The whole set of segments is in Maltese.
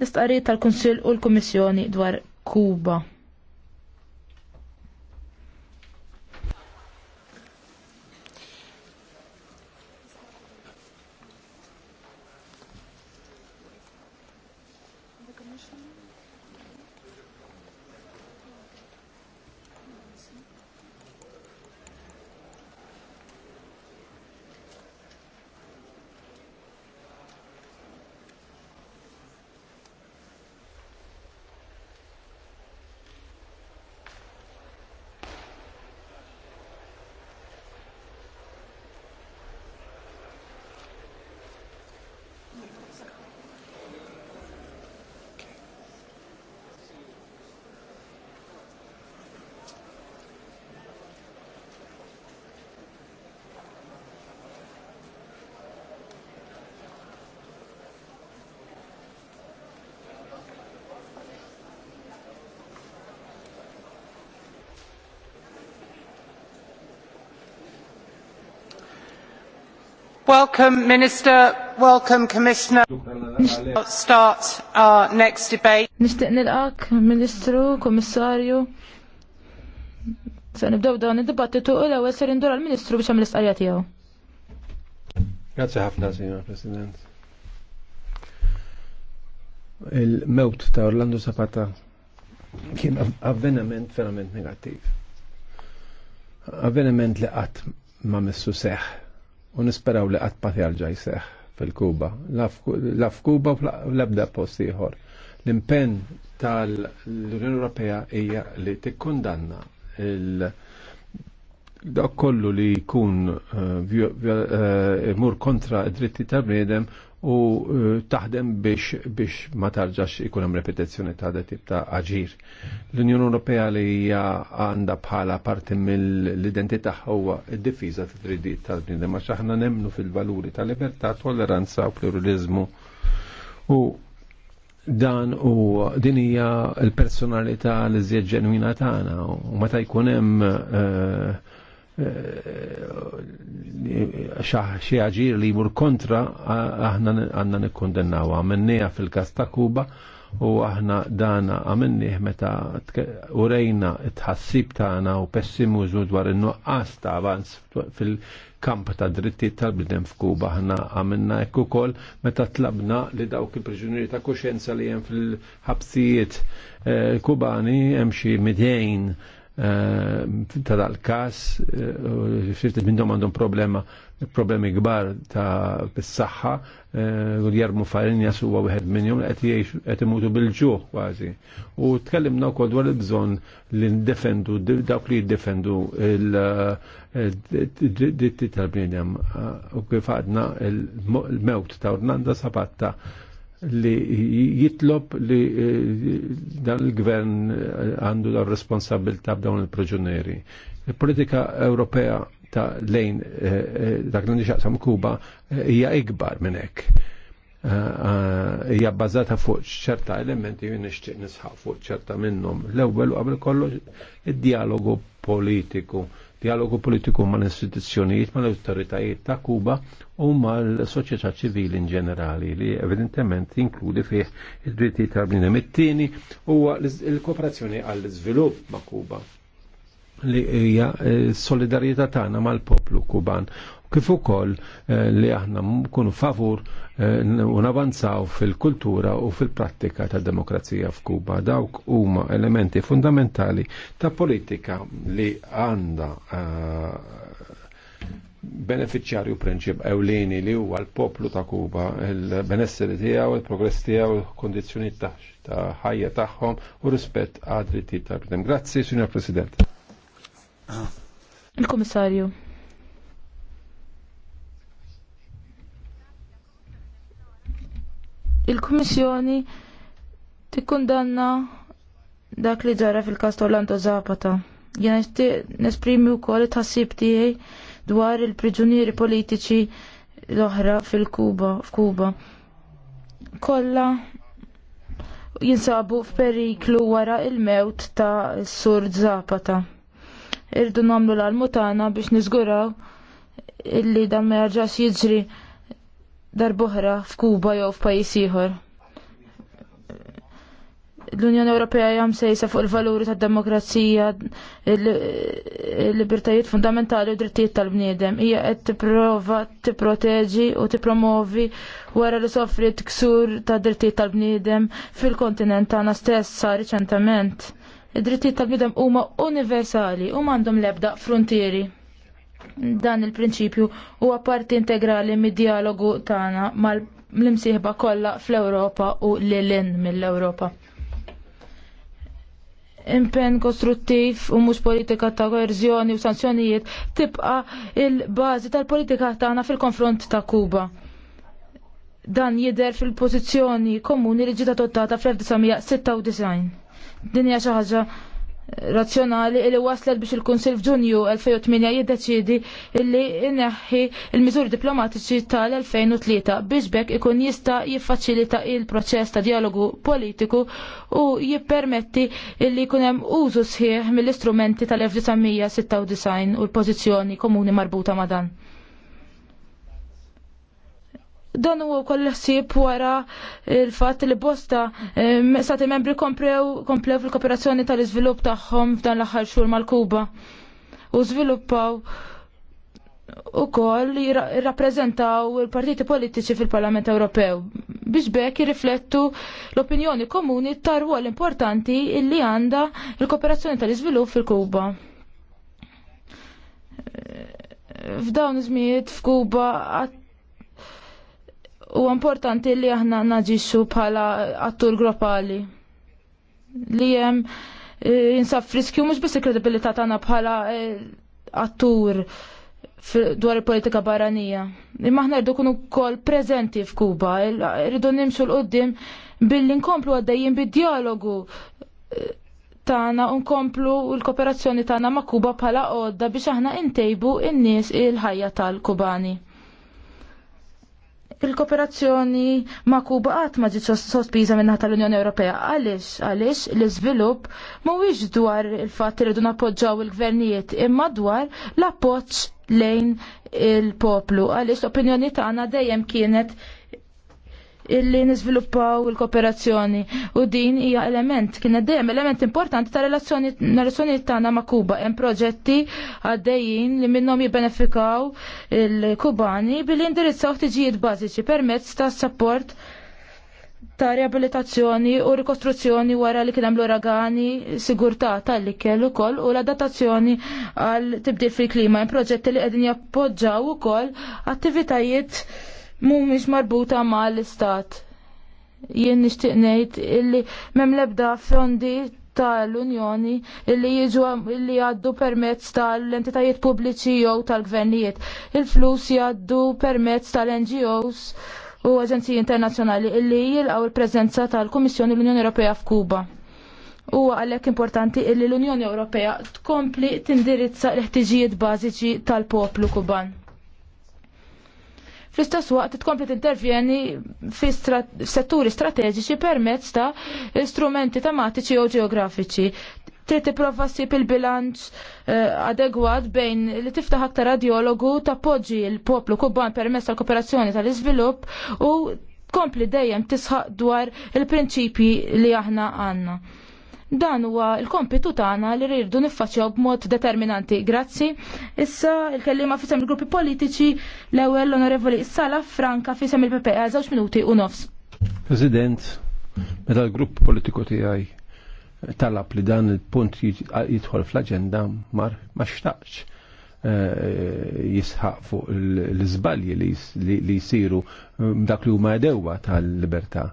l-istqarrijiet tal-Kunsill u l-Kummissjoni dwar Kuba. Welcome, Minister. Welcome, Commissioner. Start our next debate. Nishtiq nilqak, Ministru, Komissarju. Se nibdaw dawn id-dibattitu u l-ewwel ser indur għal ministru biex għamil istqarrija tiegħu. Grazzi ħafna, Signor President. Il-mewt ta' Orlando Zapata kien avveniment verament negattiv. Avveniment li qatt ma messu seħħ u nisperaw li qatt ma terġa' jseħħ fil-Kuba. La f'Kuba l-ebda post ieħor. L-impenn tal-Unjoni Ewropea hija li tikkundanna il- dak kollu li jkun eh, eh, mur kontra id-dritti tal bnedem u e, taħdem biex, biex ma tarġax ikun hemm repetizzjoni ta' da tip ta' aġir. L-Unjoni Ewropea li hija għandha bħala parti mill-identità huwa d-difiża ta' drittijiet tal-bniedem għax aħna nemmnu fil-valuri ta' libertà, tolleranza u pluralizmu. U dan u din hija l-personalità li żjed ġenwina tagħna u meta jkun hemm uh, Eh, xi ħaġir li jmur kontra aħna għandna nikkondennaw għamennija fil-każ ta' Kuba u aħna dana għamennih meta urejna tħassib tagħna u pessimużu dwar in-nuqqas ta' avanz fil-kamp ta' dritti tal-bnedem f'Kuba aħna għamilna hekk ukoll meta tlabna li dawk il-priġunieri ta' kuxjenza li hemm fil-ħabsijiet eh, Kubani hemm xi midejn Eh, ta' dal-kas, eh, xifti minnom għandhom problema, problemi gbar ta' bis-saxħa, eh, u jarmu farinja suwa wieħed minnhom qed imutu bil-ġuħ kważi. U tkellimna wkoll dwar il-bżonn li ndefendu dawk li jiddefendu il-dritti tal-bniedem u kifadna għadna il-mewt ta' Ornanda Sapatta li jitlob li eh, dan il-gvern eh, għandu r-responsabil responsabilta b'dawn il proġuneri Il-politika Ewropea ta' lejn eh, dak li Kuba hija ikbar minn hekk. Hija bbażata fuq ċerta elementi jien nixtieq nisħaq fuq ċerta minnhom. L-ewwel qabel kollox id-dialogu politiku dialogu politiku mal istituzzjonijiet mal autoritajiet ta' Kuba u mal-soċjetà ċivili in ġenerali li evidentement jinkludi fih id-dritti tal-bnina mit-tieni huwa l-kooperazzjoni għall-iżvilupp ma' Kuba li hija eh, solidarjetà tagħna mal-poplu Kuban kif ukoll eh, li aħna nkunu favur eh, u navanzaw fil-kultura u fil-prattika ta' demokrazija f'Kuba. Dawk huma elementi fundamentali ta' politika li għandha beneficjarju prinċip ewlieni li huwa l-poplu ta' Kuba, il-benesseri tiegħu, il-progress tiegħu, il-kondizzjoni ta' ħajja tagħhom u rispett għad drittijiet ta' bnedem. Grazzi, Signor President. Il-Kummissarju. Il-Kummissjoni tikkundanna dak li ġara fil-kas Orlando Zapata. Jena nesprimi u koll it-ħassib tiegħi dwar il-priġunieri politiċi l-oħra fil-Kuba, f'Kuba. Kolla jinsabu f'periklu wara il-mewt ta' sur Zapata. Irdu namlu l-almutana biex nizguraw illi dan ma jarġax jiġri darbohra f'Kuba jew f'pajjiż ieħor l-Unjoni Ewropea jam sejsa fuq il-valuri tad demokrazija il-libertajiet fundamentali u drittijiet tal-bniedem. Hija qed tipprova tipproteġi u tippromovi wara li sofrit ksur ta' drittijiet tal-bniedem fil-kontinent tagħna stessa sa riċentament. Id-drittijiet tal-bniedem huma universali u m'għandhom l-ebda frontieri. Dan il-prinċipju huwa parti integrali mid-dialogu tagħna mal-imsieħba kollha fl-Ewropa u lilin mill-Ewropa impen kostruttiv u mhux politika ta' koerzjoni u sanzjonijiet tibqa il-bażi tal-politika tagħna fil-konfront ta' Kuba. Dan jidher fil-pożizzjoni komuni li ġiet adottata fl-1996. Din hija xi ħaġa razzjonali li waslet biex il-Kunsil f'Ġunju 2008 jiddeċidi li inneħħi il-miżuri diplomatiċi tal-2003 biex bekk ikun jista' jiffaċilita il-proċess ta' dialogu politiku u jippermetti li jkun hemm użu sħiħ mill-istrumenti tal-1996 u l-pożizzjoni komuni marbuta ma' dan dan huwa wkoll ħsieb wara il-fatt li bosta eh, stati membri komplew fil-kooperazzjoni tal-iżvilupp tagħhom f'dan l-aħħar xhur mal-Kuba. U żviluppaw ukoll jirrappreżentaw il-partiti politiċi fil-Parlament Ewropew biex bekk jirriflettu l-opinjoni komuni tar rwol importanti illi għandha il-kooperazzjoni tal-iżvilupp fil-Kuba. Eh, f'dawn iż-żmiet f'Kuba U importanti li aħna naġixxu bħala attur globali. Li hemm jinsab eh, friskju mhux biss il-kredibilità tagħna bħala eh, attur dwar il-politika barranija. Imma aħna rridu kunu kol prezenti f'Kuba, rridu nimxu l-qoddim billi nkomplu għaddejjin bid-dialogu eh, tagħna u nkomplu l-kooperazzjoni tagħna ma' Kuba bħala għodda biex aħna intejbu in-nies il-ħajja tal-Kubani il-kooperazzjoni ma' Kuba qatt ma ġietx sospiża minna tal-Unjoni Ewropea. Għaliex għaliex l-iżvilupp mhuwiex dwar il-fatt rridu nappoġġaw il-gvernijiet imma dwar l-appoġġ lejn il-poplu. Għaliex l-opinjoni tagħna dejjem kienet illi niżviluppaw il-kooperazzjoni u din hija element kien dejjem element importanti ta' relazzjoni tagħna ma' Kuba hemm proġetti għaddejjin li minnhom jibbenefikaw il-Kubani billi indirizzaw ħtiġijiet bażiċi permezz ta' support ta' riabilitazzjoni u rikostruzzjoni wara li kien hemm l-uragani, sigurtà tal-li ukoll u l-adattazzjoni għal tibdil fil-klima, proġetti li qegħdin jappoġġaw ukoll attivitajiet mhumiex marbuta mal-istat. Jien nixtieq ngħid illi m'hemm l-ebda fondi tal-Unjoni illi jiġu illi għaddu permezz tal-entitajiet pubbliċi jew tal-gvernijiet. Il-flus jgħaddu permezz tal-NGOs u aġenziji internazzjonali illi jilqgħu il-preżenza tal-Kummissjoni l-Unjoni Ewropea f'Kuba. U għalhekk importanti illi l-Unjoni Ewropea tkompli tindirizza l-ħtiġijiet bażiċi tal-poplu Kuban fl-istess waqt tkompli tintervjeni fi setturi strateġiċi permezz ta' strumenti tematiċi u ġeografiċi. Trid tipprova ssib il-bilanċ eh, adegwat bejn li tiftaħ aktar radiologu tappoġġi l-poplu kuban permezz tal-kooperazzjoni tal-iżvilupp u kompli dejjem tisħaq dwar il-prinċipji li aħna għandna. Dan huwa l-kompitu tagħna li rridu niffaċċjaw b'mod determinanti. Grazzi. Issa il-kellima fisem il-gruppi politiċi l-ewwel l-Onorevoli Sala Franka fisem il e, għal żewġ minuti u nofs. President, meta l-grupp politiku tiegħi talab li dan il-punt jidħol fl-aġenda mar ma xtaqx eh, jisħaq fuq l-izbalji li jisiru eh, dak li huma edewwa tal-libertà.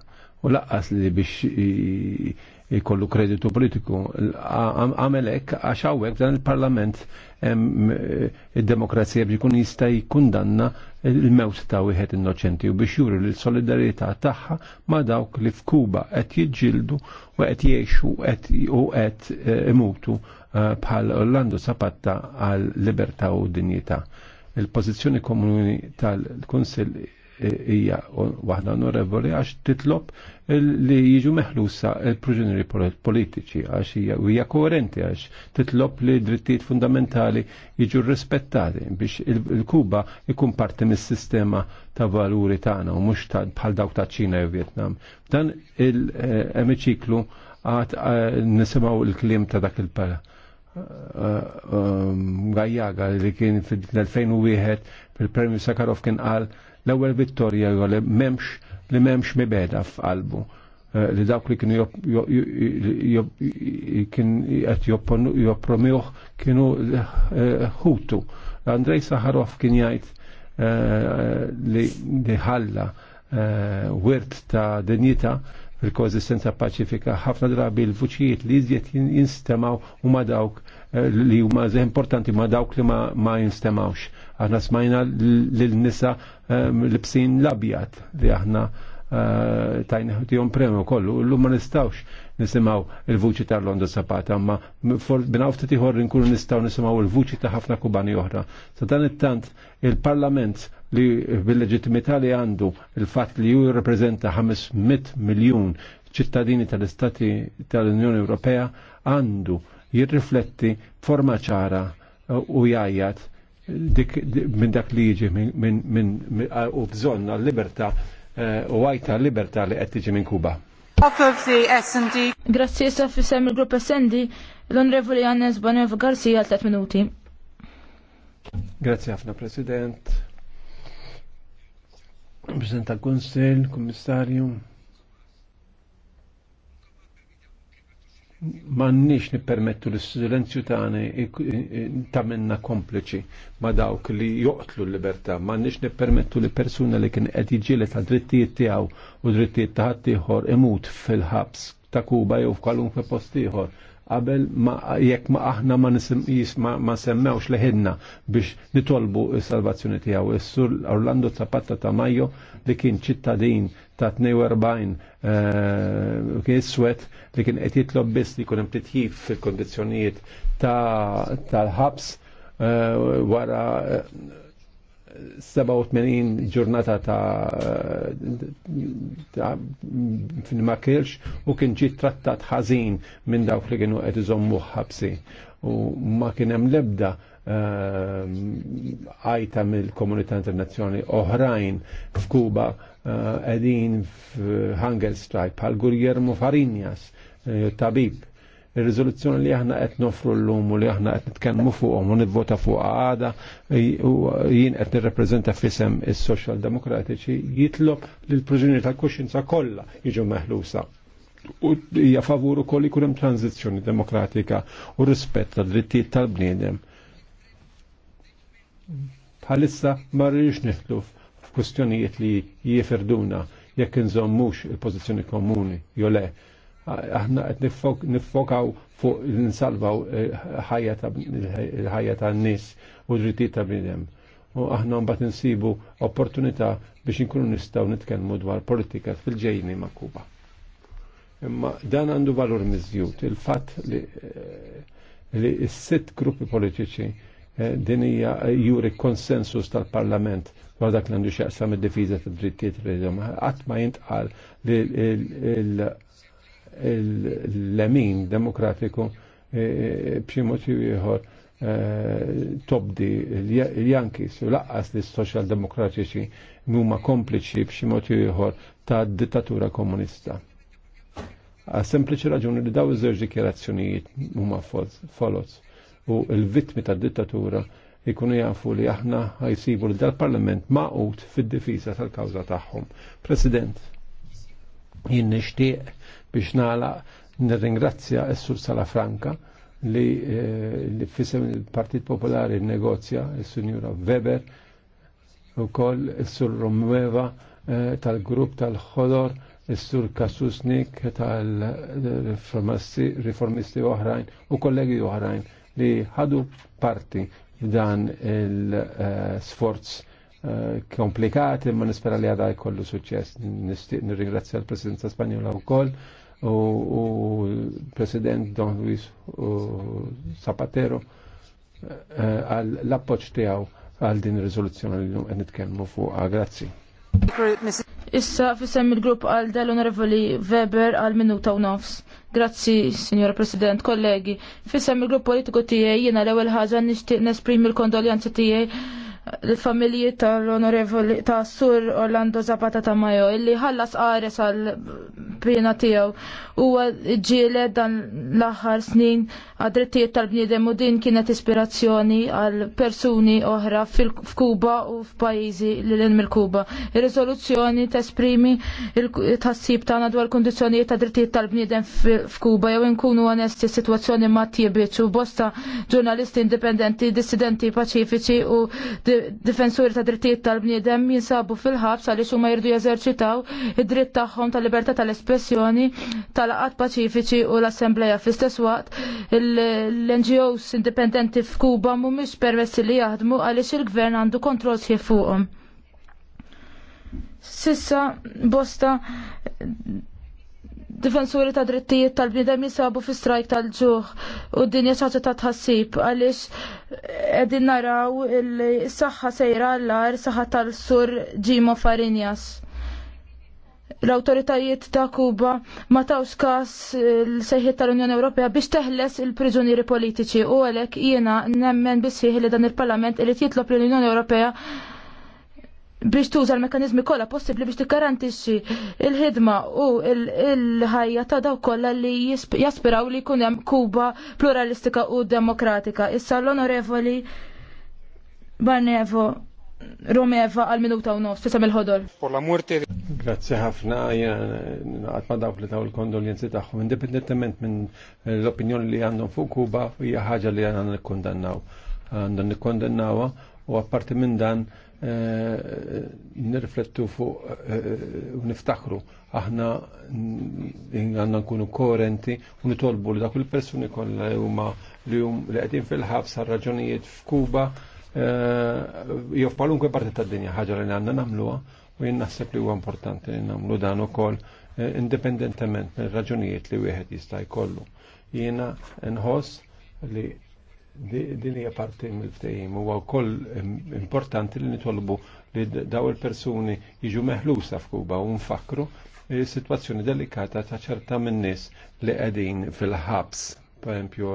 U laqqas li biex jkollu kreditu politiku. Għamelek għax hawnhekk dan il-Parlament eh, id-demokrazija biex ikun jista' jkundanna il-mewt ta' wieħed innoċenti u biex juri l-solidarjetà tagħha ma' dawk li f'Kuba qed jiġġieldu u qed jgħixu u qed eh, imutu eh, bħal Orlando Sapatta għal libertà u dinjità. Il-pożizzjoni komuni tal-Kunsill hija waħda onorevoli għax titlob li jiġu meħlusa il-proġeneri politiċi għax hija koerenti għax titlob li drittijiet fundamentali jiġu rispettati biex il-Kuba ikun parti mis-sistema ta' valuri tagħna u mhux bħal dawk ta' Ċina u Vjetnam. Dan il-emiċiklu għad eh, nisimaw il-klim ta' dak il-pala. Eh, um, Gajjaga li kien fil-2001 fil-premju Sakarov kien qal L-ewwel vittorja jew li memx li m'hemmx mibeda f'qalbu eh, li dawk li kienu kien qed joppromjuh kienu eh, ħutu. Andrej Saharov kien jgħid eh, li ħalla wirt ta' dinjita fil-koesistenza paċifika ħafna drabi l-vuċijiet li jizjet jinstemaw u ma dawk li huma importanti ma dawk li ma, jinstemawx. Aħna smajna l-nisa ehm, l-bsin l li aħna eh, tajna tijom premju kollu, l-lum ma nistawx nisimaw il-vuċi ta' Londo Zapata, ma b'naw ftit iħor nkunu nistaw nisimaw il-vuċi ta' ħafna kubani oħra. Sa dan it-tant il-parlament li bil-leġitimità li għandu il-fat li ju jirrepreżenta 500 miljun ċittadini tal-Istati tal-Unjoni Ewropea għandu jirrifletti forma ċara eh, u jajjat minn dak li jiġi minn eh, u bżonn għal-libertà eh, u għajta l-libertà li qed tiġi minn Kuba. Grazie issa fissem il-grupp SND l-Onrevoli Annes Banev Garcia għal 3 minuti. Grazzi ħafna President. President Gunsel, konsil mannix nippermettu l-silenzju tagħna ta' minna kompliċi ma' dawk li joqtlu l-libertà, mannix nippermettu li persuna li kien qed jiġieli ta' drittijiet tiegħu u drittijiet ta' ħadd ieħor imut fil-ħabs ta' Kuba jew f'kwalunkwe post ieħor qabel jekk ma aħna ma ma semmewx leħidna biex nitolbu s-salvazzjoni tiegħu. Is-sur Orlando Zapata ta' Majo li kien ċittadin ta' 42 eh, kien iswed li kien qed jitlob biss li jkun hemm titjib fil-kondizzjonijiet tal-ħabs eh, wara 87 eh, ġurnata ta' ma kirx u kien ġi trattat ħażin minn dawk li kienu qed iżommu ħabsi u ma kien hemm lebda għajta mill-komunità internazzjonali oħrajn f'Kuba għedin eh, f'Hunger Stripe, għal Gurjermo Farinjas, eh, tabib. Il-rizoluzzjoni li aħna qed nofru l-lum u li aħna qed nitkellmu fuqhom u nivvota fuq għada eh, jien qed nirrappreżenta f'isem is-Social Demokratiċi jitlob lil proġunier tal-kuxjenza kollha jiġu meħlusa. U hija favur ukoll ikun hemm tranzizzjoni demokratika u rispett tad-drittijiet tal-bniedem. Bħalissa ma rridux niħluf kustjonijiet li jifirduna jekk nżommux il-pożizzjoni komuni jew le. Aħna qed niffokaw fuq ninsalvaw eh, ħajja ta' nies u drittijiet ta' bniedem. U aħna mbagħad insibu opportunità biex inkunu nistgħu nitkellmu dwar politika fil-ġejni ma' Kuba. Imma dan għandu valur miżjud, il-fatt li eh, s-sitt gruppi politiċi Eh, din hija eh, juri konsensus tal-Parlament dwar dak l-għandu xaqsam id-difiża tad-drittijiet tal Qatt ma jintqal li l-lemin demokratiku eh, b'xi mod ieħor tobdi l-Jankis u laqqas li s-Soċjal Demokratiċi huma kompliċi b'xi mod ieħor ta' dittatura komunista. Għas sempliċi raġuni li daw iż-żewġ dikjerazzjonijiet huma folots u l-vittmi tad-dittatura ikunu jafu li aħna ħajsibu li dal-parlament maqut fid-difisa tal-kawza tagħhom. President, jien nixtieq biex nala nirringrazzja s-Sur Salafranca li, eh, li fissem il-Partit Popolari negozja il sunjura Weber u kol il-Sur Romueva eh, tal-grupp tal-ħodor il sur Kasusnik tal-riformisti eh, oħrajn u kollegi oħrajn li ħadu parti f'dan il-sforz eh, komplikat imma nispera li għada jkollu suċċess. nirringrazzja l-Presidenza Spanjola wkoll u President Don Luis Zapatero eh, għal l-appoċ tiegħu għal din ir-riżoluzzjoni li nitkellmu fuqha. Grazzi. Issa fissem il-grupp għal dell-Onorevoli Weber għal minuta u nofs. Grazzi, Signora President, kollegi. Fissem il-grupp politiku tijaj jena l ewwel ħaġa nishtiq nesprimi l-kondoljanzi tijaj l-familji tal-onorevoli ta' Sur Orlando Zapata ta' Majo illi ħallas qares għal pina tiegħu huwa ġile dan l-aħħar snin għad-drittijiet tal-bniedem u din kienet ispirazzjoni għal persuni oħra f'Kuba u f'pajjiżi li l mill-Kuba. Ir-riżoluzzjoni tesprimi il-tassib tagħna dwar kundizzjonijiet ta' drittijiet tal-bniedem f'Kuba jew nkunu onesti s-sitwazzjoni ma' tiebiet u bosta ġurnalisti indipendenti, dissidenti paċifiċi u di difensuri ta' drittijiet tal-bniedem jinsabu fil-ħabs għaliex huma jirdu jeżerċitaw id-dritt tagħhom tal-libertà tal-espressjoni tal-qat paċifiċi u l-assembleja fl-istess waqt l-NGOs indipendenti f'Kuba mhumiex permessi li jaħdmu għaliex il-gvern għandu kontroll sħiħ fuqhom. Sissa bosta difensuri ta' drittijiet tal-bnidem jisabu fi strajk tal-ġuħ u d-dinja ċaċa ta' tħassib għalix edin naraw il-saxħa sejra l-ar saħħa tal-sur Gimo Farinjas. L-autoritajiet ta' Kuba ma tawx kas l-sejħiet tal-Unjoni Ewropea biex teħles il-priġunieri politiċi u għalek jiena nemmen bisħiħ li dan il-Parlament li jitlob l-Unjoni Ewropea biex tuża l-mekanizmi kollha possibbli biex tikkarantixxi il-ħidma u il-ħajja ta' daw kollha li jaspiraw li jkun hemm Kuba pluralistika u demokratika. Issa l-onorevoli Barnevo Romeva għal minuta u nofs, tisam il-ħodor. Grazie ħafna, għatma daw li daw il-kondoljenzi tagħhom, indipendentement minn l-opinjoni li għandhom fuq Kuba, hija ħaġa li għandhom nikkondannaw. Għandhom nikkondannawa u apparti minn dan Eh, nirriflettu fuq eh, u niftakru aħna għanna nkunu koherenti u nitolbu li dak il-persuni kollha huma li hum li qegħdin fil-ħabs raġunijiet f'Kuba eh, jew f'palunkwe parti tad-dinja ħaġa li għandna nagħmluha u jien naħseb li huwa importanti li nagħmlu dan ukoll indipendentement mill raġunijiet li wieħed jista' jkollu. Jiena nħoss li din hija parti mill-ftehim huwa wkoll importanti li nitolbu li daw il-persuni jiġu meħlusa f'Kuba u nfakru e, situazzjoni delikata ta' ċerta min-nies li qegħdin fil-ħabs. Pereempju,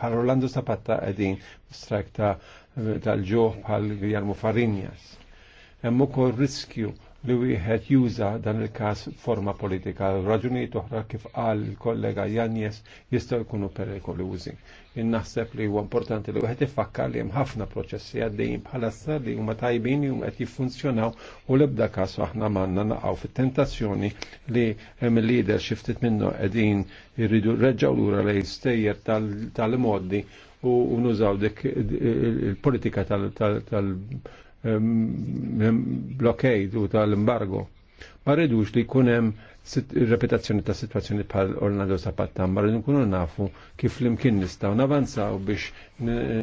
bħal Orlando Zapata qegħdin strajk ta' tal ġo bħal Guillermo Farinjas. Hemm ukoll riskju li wieħed juża dan il-każ forma politika. Raġunijiet oħra kif qal il-kollega Janjes jistgħu jkunu perikolużi naħseb li huwa importanti li wieħed ifakkar li hemm ħafna proċessi għaddejjin sa li huma tajbin li huma qed jiffunzjonaw u l-ebda każ aħna manna naqgħu fit-tentazzjoni li hemm leader xi ftit minnu qegħdin irridu reġgħu lura lejn stejjer tal-modi u nużaw dik il-politika tal-blockade u tal-embargo. Ma rridux li jkun hemm il-repetazzjoni ta' situazzjoni bħal Orlando Zapata, ma rridu nkunu nafu kif l-imkien nistaw navanzaw biex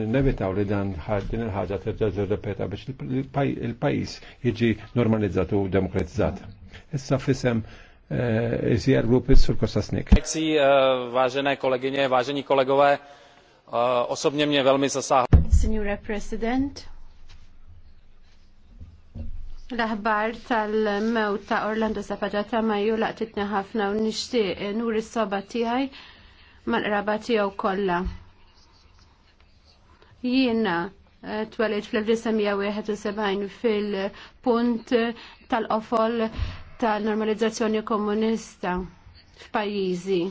nevitaw li dan din il-ħaġa terġa' repeta biex il-pajis jiġi normalizzat u demokratizzat. Issa fisem ICR eh, e Group sur Kosta Snik. Eh, vážené kolegyně, vážení kolegové, eh, osobně mě velmi zasáhlo. Signora President, L-aħbar tal-mewt ta' Orlando Sapagata ma julaq laqtitni ħafna u nixtieq nur is-soba tiegħi mal-qraba tiegħu kollha. Jiena eh, twelid fl-1971 fil-punt tal-qofol tal-normalizzazzjoni komunista f'pajjiżi.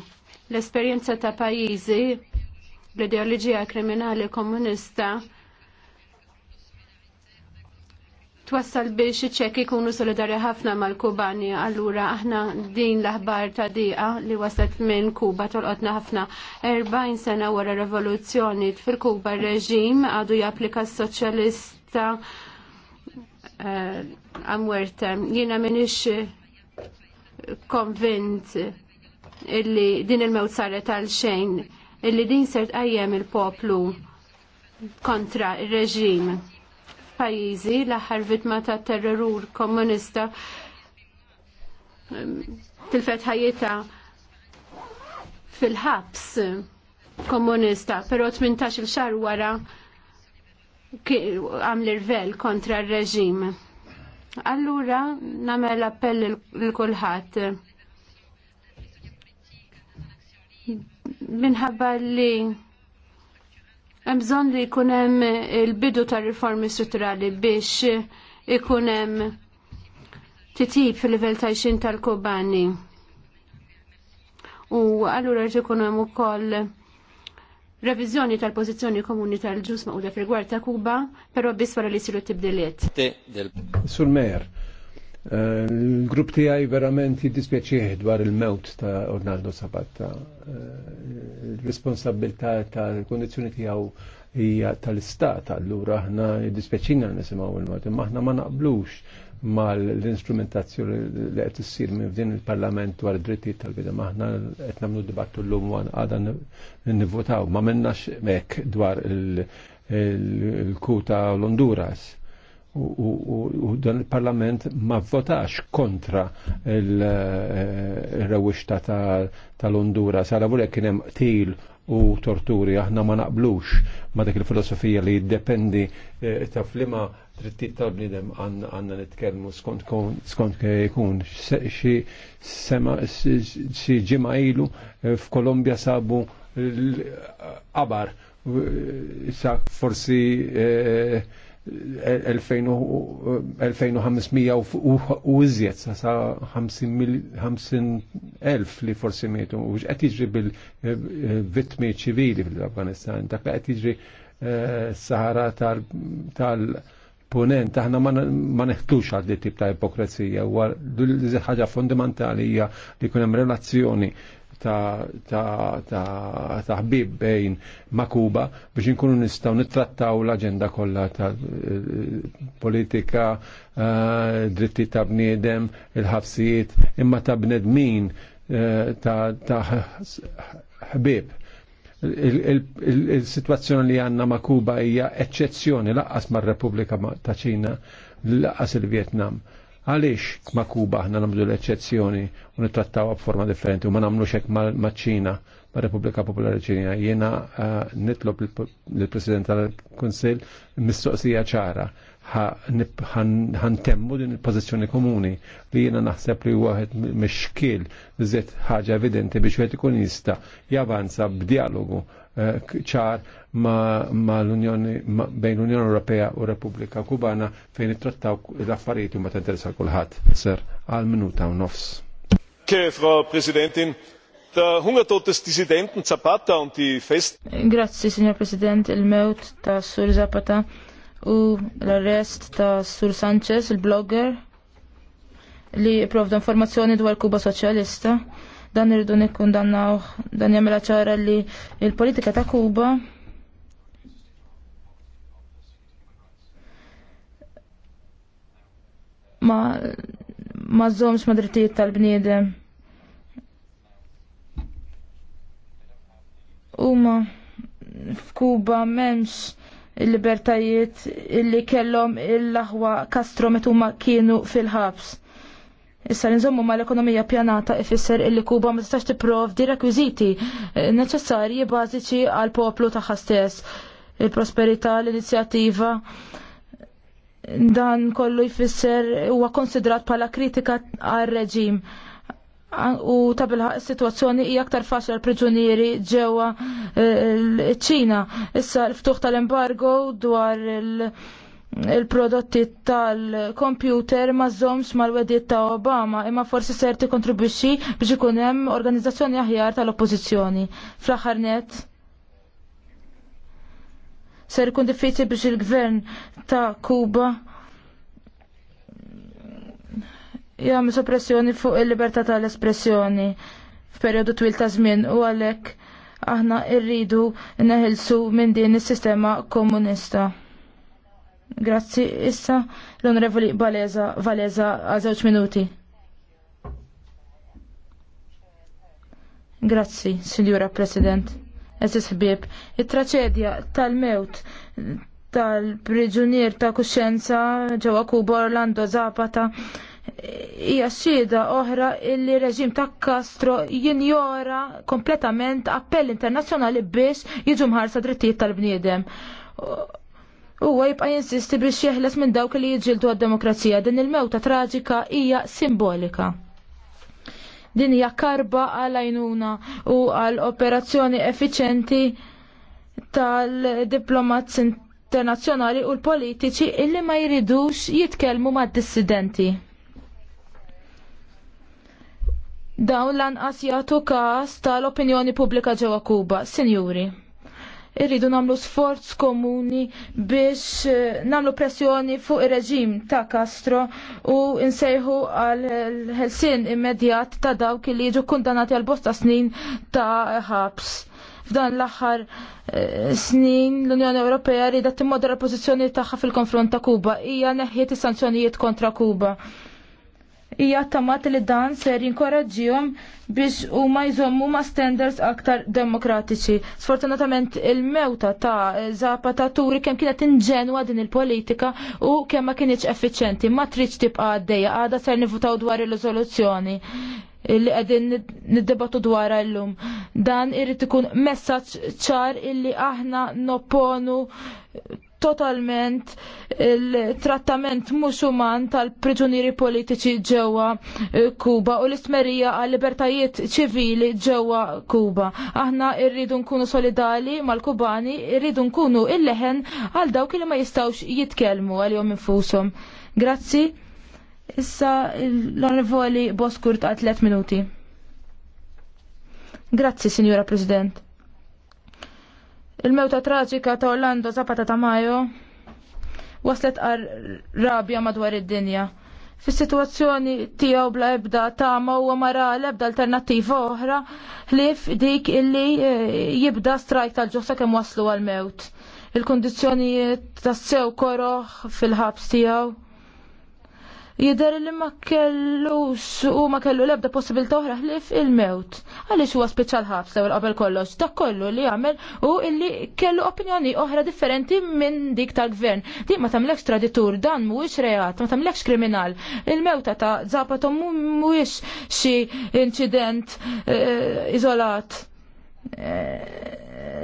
L-esperjenza ta' pajjiżi l-ideoloġija kriminali komunista twassal biex iċ-ċek ikunu solidari ħafna mal-Kubani, allura aħna din l-aħbar ta' diqa li waslet minn Kuba tolqotna ħafna 40 sena wara revoluzzjoni fil-Kuba reġim għadu japplika s-soċjalista għamwerta. Eh, uh, Jina minix konvint illi din il-mewt saret għal xejn, illi din sert għajjem il-poplu kontra il-reġim pajjiżi l-aħħar vittma ta' terrorur komunista um, tilfet ħajjita fil-ħabs komunista, pero 18 xar wara għam l-irvel kontra r-reġim. Allura namel appell l-kulħat. Minħabba li Hemm bżonn li jkun hemm il-bidu ta' riformi strutturali biex ikun hemm titjib fil-livell ta' xin tal-kobani. U allura rrid ikun hemm ukoll reviżjoni tal-pożizzjoni komuni tal ġusma u dak rigward ta' Kuba, però biss wara li jsiru tibdiliet. Sul-Mer, Eh, Il-grupp tiegħi verament jiddispjaċih dwar il-mewt ta' Ornaldo Sabatta. Eh, il-responsabilità tal kondizjoni tiegħu hija tal-istat, allura aħna jiddispieċina nisimgħu il-mewt, imma aħna ma naqblux mal-instrumentazzjoni li qed issir minn f'din il-Parlament dwar id-drittijiet tal ma' aħna qed nagħmlu dibattu llum wan għadha nivvotaw ma minnax hekk dwar il-kuta l-Honduras u dan il-parlament ma votax kontra eh, il-rewishta tal-Undura. Sara vurek kienem til u torturi, aħna ma naqblux ma dak il-filosofija li jiddependi eh, ta' flima trittit tal-bnidem għanna nitkelmu skont jkun xi ġimgħa ilu eh, f'Kolombja sabu l qabar sa forsi 2500 u iżjed sa 50.000 li forsi mietu u għet iġri bil-vittmi eh, ċivili fil-Afganistan, dak li qed iġri eh, sahara tal-punent, aħna ma neħtux għal di tip ta' ipokrazija, u ħaġa fundamentali hija li kunem hemm relazzjoni ta' ħbib bejn ma' Kuba biex inkunu nistaw nittrattaw l-agenda kollha ta' politika, eh, dritti ta' bniedem, il-ħabsijiet, imma ta' bnedmin eh, ta' ħbib il-situazzjoni li għanna ma' Kuba hija eccezzjoni laqqas ma' Repubblika ta' Ċina, laqqas il-Vietnam. Għaliex ma' Kuba aħna nagħmlu l-eċċezzjoni u nittrattaw b'forma differenti u ma nagħmlux hekk maċ-Ċina ma' Repubblika Popolari Ċina. Jiena eh, nitlob lill-President tal-Kunsill mistoqsija ċara temmu din il-pozizjoni komuni li jiena naħseb li waħed meċkil biżiet ħaġa evidenti biex wieħed ikun jista' javanza b'dialogu ċar ma ma l-Unjoni bejn l-Unjoni Ewropea u Repubblika Kubana fejn it-trattaw l-affarijiet u ma tinteressa kulħadd. Sir, għal minuta u nofs. Frau Präsidentin, der Hungertod des Dissidenten Zapata und die Fest. Grazzi, Signor President, il-mewt ta' Sur Zapata u l-arrest ta' Sur Sanchez, il-blogger, li provda informazzjoni dwar Kuba Socialista dan irridu nikkundannaw dan jagħmilha ċara li l-politika ta' Kuba ma ma żomx ma' drittijiet tal-bniedem. Huma f'Kuba m'hemmx il-libertajiet illi kellhom il-laħwa Castro meta huma kienu fil-ħabs Issa li nżommu ma l-ekonomija pjanata ifisser illi Kuba ma tistax tipprovdi rekwiżiti eh, neċessarji bażiċi għal poplu tagħha stess. Il-prosperità, l-inizjattiva dan kollu jfisser huwa konsidrat bħala kritika għal reġim u tabilħa situazzjoni hija aktar faċli għal priġunieri ġewwa ċ-Ċina. Eh, Issa l-ftuħ tal-embargo dwar il- il-prodotti tal-computer ma żomx mal-wedit ta' Obama imma forsi ser kontribwixxi biex ikun hemm organizzazzjoni aħjar tal-oppożizzjoni. Fl-aħħar net ser ikun diffiċli biex il-gvern ta' Kuba jagħmel soppressjoni fuq il-libertà tal-espressjoni f'perjodu twil ta' żmien u għalhekk aħna rridu neħilsu minn din is-sistema komunista. Grazzi, issa l-Onorevoli Baleza, Valeza għal żewġ minuti. Grazzi, Signora President. Eżis bieb. it-traċedja tal-mewt tal-priġunier ta' kuxenza ġewwa Kuba Orlando Zapata hija xhieda oħra illi reġim ta' Castro jinjora kompletament appell internazzjonali biex jiġu mħarsa drittijiet tal-bniedem huwa jibqa' jinsisti biex jeħles minn dawk li jiġġieldu għad-demokrazija. Din il-mewta traġika hija simbolika. Din hija karba għal għajnuna u għal operazzjoni effiċenti tal-diplomats internazzjonali u l-politiċi illi ma jridux jitkellmu mad-dissidenti. Dawn lanqas jagħtu każ tal-opinjoni pubblika ġewwa Kuba, sinjuri irridu namlu sforz komuni biex eh, namlu pressjoni fuq ir-reġim ta' Castro u nsejħu għal ħelsin immedjat ta' dawk li jiġu kundanati għal bosta snin ta' ħabs. F'dan l-aħħar eh, snin l-Unjoni Ewropea rida timmodera l-pożizzjoni tagħha fil-konfront ta' Kuba hija neħjiet is-sanzjonijiet kontra Kuba hija tamat li dan ser jinkoraġġihom biex huma jżommu ma' standards aktar demokratiċi. Sfortunatament il-mewta ta' Zapa Turi kemm kienet inġenwa din il-politika u kemm ma kienieċ effiċenti, ma tridx tibqa' għaddejja għada ser nivutaw dwar ir-riżoluzzjoni li għedin niddebattu dwar l-lum. Dan irrit ikun messaċ ċar illi aħna nopponu totalment il-trattament musulman tal-priġunieri politiċi ġewwa eh, Kuba u l-istmerija għal libertajiet ċivili ġewwa Kuba. Aħna rridu nkunu solidali mal-Kubani, rridu nkunu il-leħen għal dawk li ma jistawx jitkellmu għal-jom infushom. Grazzi. Issa l-onorevoli Boskurt għal 3 minuti. Grazzi, Signora President. Il-mewta traġika ta' Orlando Zapata ta' Majo waslet għar rabja madwar id-dinja. Fis-sitwazzjoni tiegħu bla ebda tama u mara l-ebda alternattiva oħra ħlif dik illi eh, jibda strajk tal-ġosa kemm waslu għal-mewt. Il-kondizzjonijiet tas-sew koroħ fil-ħabs tiegħu Jidher li ma kellux u ma kellu l-ebda possibilità oħra ħlif il-mewt. Għaliex huwa speċjal ħabs l qabel kollox, dak kollu li għamel u illi kellu opinjoni oħra differenti minn dik tal-gvern. Dik ma tagħmilekx traditur, dan mhuwiex reat, ma tagħmilekx kriminal. Il-mewta ta' Zapatom mhuwiex xi inċident eh, iżolat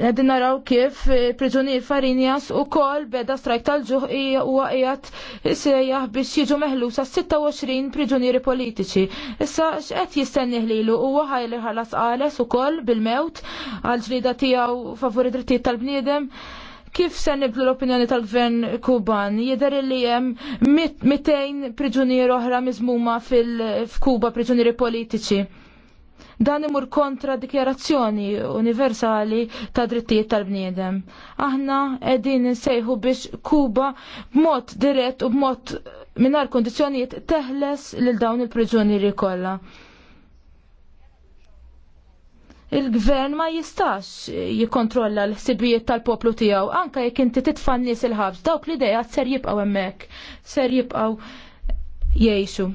Għedin naraw kif prizonier Farinjas u kol beda strajk tal-ġuħ u għajat sejjaħ biex jiġu sa 26 prizonieri politiċi. Issa xqed jistenni ħlilu u għaj li ħalas għales u kol bil-mewt għal-ġlida tijaw favori drittijiet tal-bniedem. Kif se nibdu l-opinjoni tal-gvern Kuban? Jider li jem 200 prizonier oħra mizmuma fil-Kuba prizonieri politiċi Dan imur kontra dikjarazzjoni universali ta' drittijiet tal-bniedem. Aħna qegħdin insejħu biex Kuba b'mod dirett u b'mod mingħajr kondizzjonijiet teħles lil dawn il-priġunieri kollha il-gvern ma jistax jikontrolla l-ħsibijiet tal-poplu tiegħu anke jekk inti titfa' nies il-ħabs dawk l ideja ser jibqgħu hemmhekk, ser jibqgħu jgħixu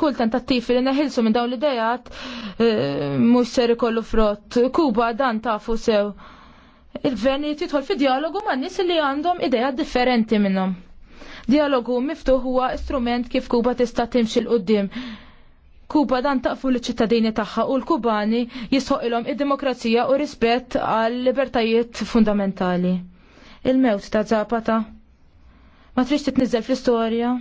kull tentattiv li neħilsu minn dawn l-idejat eh, mhux ser ikollu frott. Kuba dan tafu sew. Il-gvern li jidħol fi dialogu ma' nies li għandhom idea differenti minnhom. Dialogu miftuħ huwa strument kif Kuba tista' timxi l qudiem Kuba dan taqfu l-ċittadini tagħha u l-Kubani jisħoqilhom id-demokrazija u rispett għal libertajiet fundamentali. Il-mewt ta' Zapata ma trix titniżel fl-istorja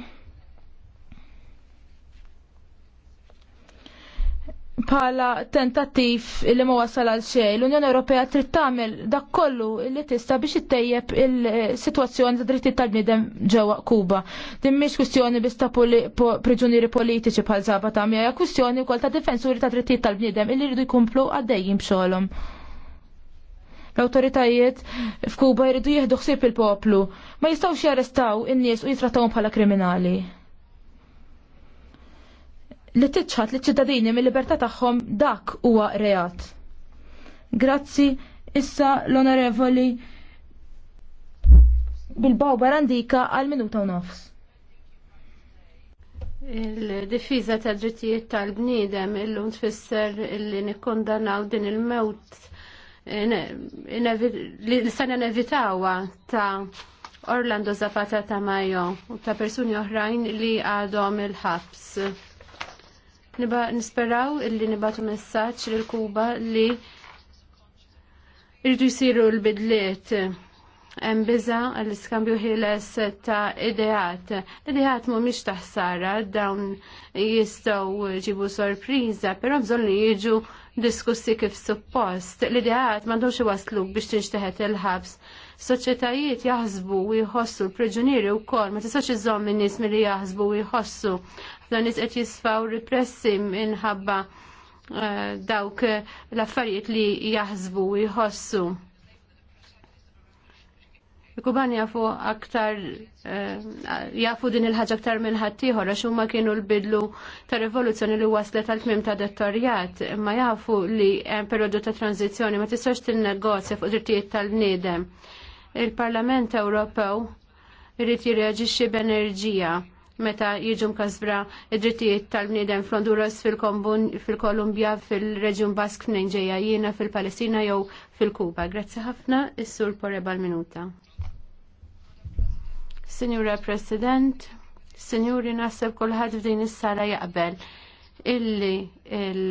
Bħala tentattiv li ma wasal għal xejn. L-Unjoni Ewropea trid tagħmel dak kollu li tista' biex ittejjeb il-sitwazzjoni ta' drittijiet tal-bniedem ġewwa Kuba. Din mhix kwistjoni biss ta' priġunieri politiċi bħal żaba ta' hija kwistjoni wkoll ta' difensuri ta' drittijiet tal-bniedem illi jridu jkumplu għaddejjin b'xogħolhom. L-awtoritajiet f'Kuba jridu jieħdu ħsieb il-poplu, ma jistgħux jarrestaw in-nies u jitrattawhom bħala kriminali li titxħat li ċittadini mill-libertà tagħhom dak huwa reat. Grazzi issa l-onorevoli Bilbao Barandika għal minuta u nofs. Il-difiża ta' drittijiet tal-bniedem illum tfisser illi nikkondannaw din il-mewt li sena nevitawa ta' Orlando Zapata Majo u ta' persuni oħrajn li għadhom il-ħabs. Niba' nisperaw illi nibatu messaġġ lil Kuba li irridu jsiru l-bidliet hemm biża skambju iskambju ħieles ta' ideat. l mu mhumiex taħsara dawn jistgħu ġibu sorpriża, però bżonn li jiġu diskussi kif suppost. L-ideat m'għandhomx waslu biex tinxteħet il-ħabs soċjetajiet jaħsbu u jħossu l preġuniri u kol, ma tistax soċi minn nies milli jaħsbu u jħossu ħafna nies qed jisfaw ripressi minħabba uh, dawk eh, l-affarijiet li jaħsbu jħossu. Il-Kubani jafu aktar, eh, jafu din il-ħagġa aktar minn ħaddieħor għax huma kienu l-bidlu ta' rivoluzzjoni li waslet għal tmiem ta' dottorjat, ma jafu li hemm periodu ta' tranzizzjoni ma tistax tinnegozja fuq drittijiet tal niedem Il-Parlament Ewropew irid jirreaġixxi b'enerġija meta jiġu mkasbra id-drittijiet tal bnidem fl-Honduras, fil-Kolumbja, fil-Reġjun Bask f'Nejġeja, jiena fil-Palestina jew fil-Kuba. Grazzi ħafna, is-sur porreba l-minuta. Signora President, Signori naħseb kulħadd f'din is-sala jaqbel illi il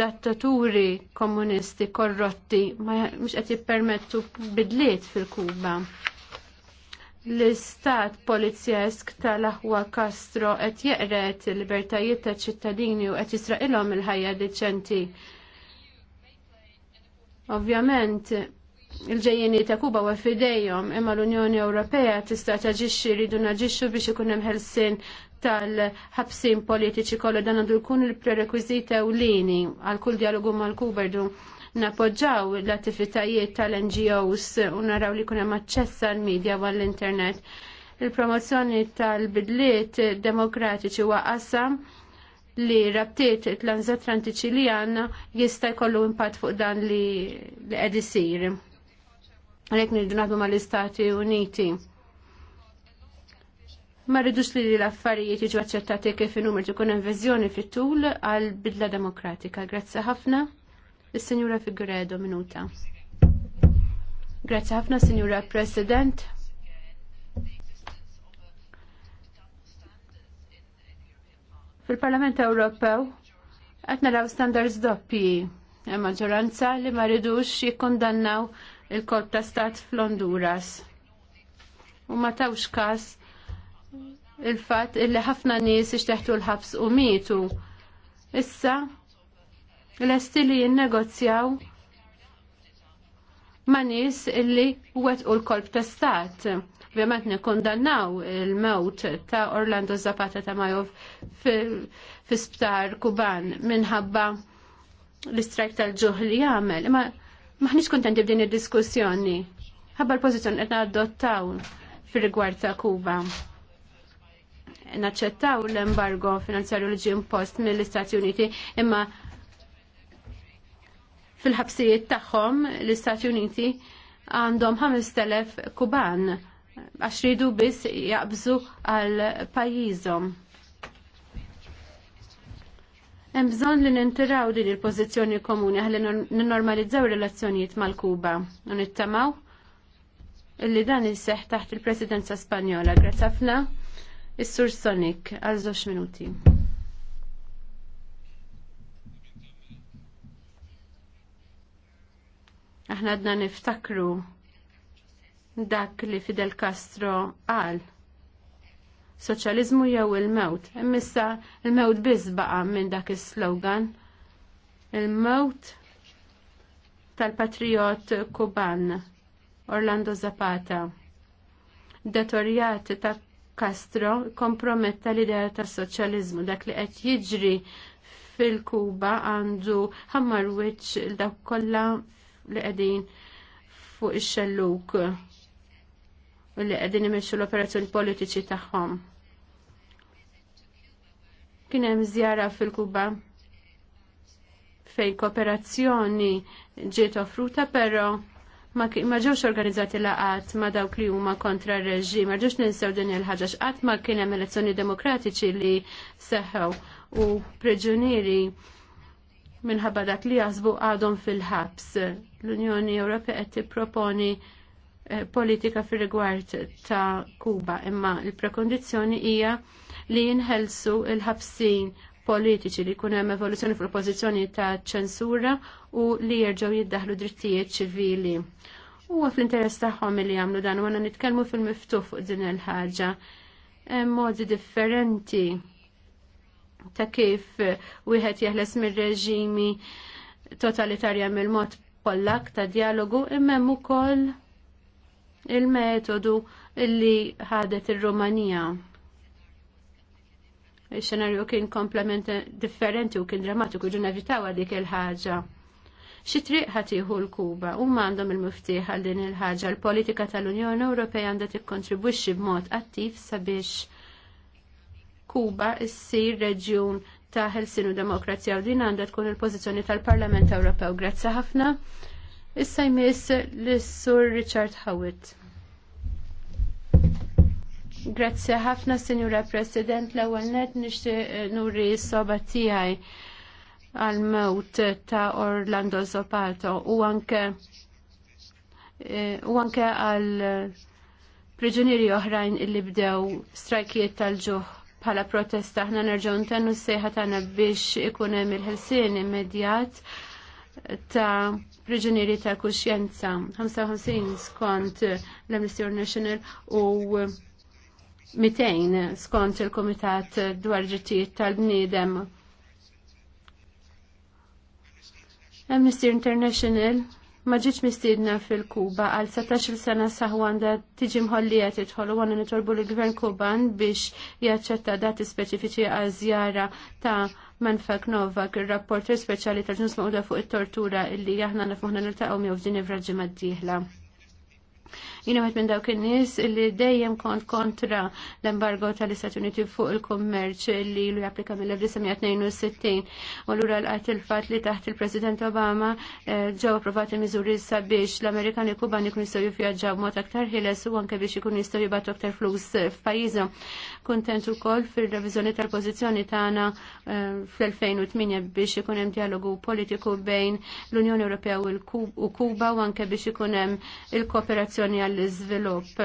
dattaturi komunisti korrotti ma mhux qed jippermettu bidliet fil-Kuba l-istat polizjesk tal-aħwa Castro qed jeqret il-libertajiet ta' ċittadini u qed jisraqilhom il-ħajja diċenti. Ovvjament, il-ġejjeni ta' Kuba wa fidejhom imma l-Unjoni Ewropea tista' taġixxi rridu naġixxu biex ikun hemm ħelsien tal-ħabsin politiċi kollu dan għandu jkun il-prerekwiżit ewlieni għal kull dialogu mal-Kuberdu napoġġaw l-attivitajiet tal-NGOs u naraw li kunem aċċess għall medja u għall-internet. Il-promozzjoni tal-bidliet demokratiċi huwa li rabtiet transatlantiċi li għanna jista' jkollu impatt fuq dan li qed isir. Għalhekk nirdu naħdmu mal-Istati Uniti ma rridux li l-affarijiet jiġu aċċettati kif in numru ikun invażjoni fit-tul għal bidla demokratika. Grazzi ħafna. Is-Sinjura Figueredo minuta. Grazzi ħafna, Sinjura President. Fil-Parlament Ewropew qed naraw standards doppji e maġoranza li ma ridux jikondannaw il kolp ta' stat fl-Honduras. U ma tawx każ il-fatt illi ħafna nies ixteħtu l-ħabs u mitu. Issa l-esti li jinnegozjaw ma' nies illi u l-kolb ta' stat. Ovvjament nikkondannaw il-mewt ta' Orlando Zapata ta' Majov fi sptar Kuban minħabba l-istrajk tal-ġuħ li jagħmel. Imma maħniex kontenti b'din id-diskussjoni. Ħabba l pozizjon qed adottaw fir-rigward ta' Kuba. Naċċettaw l-embargo finanzjarju li ġie impost mill-Istati Uniti imma fil-ħabsijiet tagħhom l-Istati Uniti għandhom 5000 kuban għax ridu biss jaqbżu għal pajjiżhom. Hemm bżonn li nintiraw din il-pożizzjoni komuni ħalli ir relazzjonijiet mal-Kuba u nittamaw illi dan isseħ taħt il-Presidenza Spanjola. Grazzi ħafna is-Sur Sonic għal żewġ minuti. Aħna għadna niftakru dak li Fidel Castro qal. Soċjaliżmu jew il-mewt. Immissa il-mewt biss baqa' minn dak is-slogan. Il-mewt tal-patriot Kuban Orlando Zapata. Datorjat ta' Castro komprometta l-idea ta' soċjaliżmu dak li qed jiġri fil-Kuba għandu ħammar l dak kollha li qegħdin fuq ix-xelluk u li qegħdin imexxu l-operazzjoni politiċi tagħhom. Kien hemm żjara fil-Kuba fejn kooperazzjoni ġiet offruta pero ma ġewx organizzati laqat ma dawk li huma kontra r-reġim, ma ġewx ninsew din il-ħaġa x'qatt ma kien hemm elezzjoni demokratiċi li seħħew u preġunieri minħabba dak li jasbu għadhom fil-ħabs. L-Unjoni Ewropea qed tipproponi eh, politika fir rigward ta' Kuba, imma l prekondizzjoni hija li jinħelsu il-ħabsin politiċi li jkun hemm evoluzzjoni fil-pożizzjoni ta' ċensura u li jerġgħu jiddaħlu drittijiet ċivili. Huwa fl-interess tagħhom li jagħmlu dan u għandna nitkellmu fil-miftuħ fuq din il-ħaġa. Hemm modi differenti ta' kif eh, wieħed jeħles mir-reġimi totalitarja mill-mod pollak ta' dialogu imma ukoll il-metodu illi ħadet ir-Rumanija. Il-xenarju kien komplement differenti u kien drammatiku ġu nevitaw dik il-ħaġa. Xi triq ħatiħu l-Kuba u għandhom il-miftiħ għal din il-ħaġa l-politika tal-Unjoni Ewropea għandha tikkontribwixxi b'mod attiv sabiex Kuba issir reġjun ta' Helsin u Demokrazija u din għandha tkun il-pożizzjoni tal-Parlament Ewropew. Grazzi ħafna. Issa jmiss l-Sur Richard Howitt. Grazzi ħafna, Sinjura President. L-ewwel net nixtieq eh, nuri s-soba tiegħi għal-mewt ta' Orlando Zopato u anke eh, u anke għal priġunieri oħrajn illi bdew strajkiet tal-ġuħ bħala protesta ħna nerġaw ntennu s-sejħa tagħna biex ikun hemm il-ħelsien immedjat ta' priġunieri ta' kuxjenza 55 skont l-Amnesty International u 200 skont il-Komitat dwar ġittijiet tal-bniedem. Amnesty International ma ġiċ mistiedna fil-Kuba għal 17 sena saħwanda tiġi mħollija tidħol u għanna nitolbu l-gvern Kuban biex jaċċetta dati speċifiċi għazjara ta' Manfak Novak, il-rapporter speċjali tal-ġnus maqda fuq it-tortura illi jahna nafuħna nil-taqaw miegħu f'Ġinevra ġimgħa d-dieħla. Jina għet minn dawk il-nis li dejjem kont kontra l-embargo tal-Istat Uniti fuq il-kommerċ li lu japplika mill-1962. U l-ura l-għat il-fat li taħt il-President Obama eh, ġew approvati miżuri sabiex l-Amerikani Kubani kun jistgħu jivvjaġġaw mot aktar ħiles u anke biex ikun jistgħu jibgħatu aktar flus f'pajjiżhom. Kuntent ukoll fir-reviżjoni tal-pożizzjoni tagħna eh, fl-2008 biex ikun hemm dialogu politiku bejn l-Unjoni Ewropea u Kuba u anke biex ikun hemm il-kooperazzjoni għall-iżvilupp.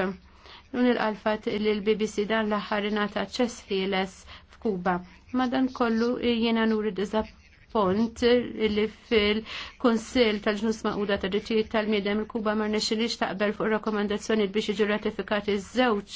Nun il-qalfat li l-BBC dan l-aħħar ingħata ċess ħieles f'Kuba. Madan kollu jiena nuri diżapp punt li fil-Konsil tal-ġnus maquda ta' drittijiet tal-miedem il-Kuba ma rnexxilix taqbel fuq rakkomandazzjoni biex jiġu ratifikati żewġ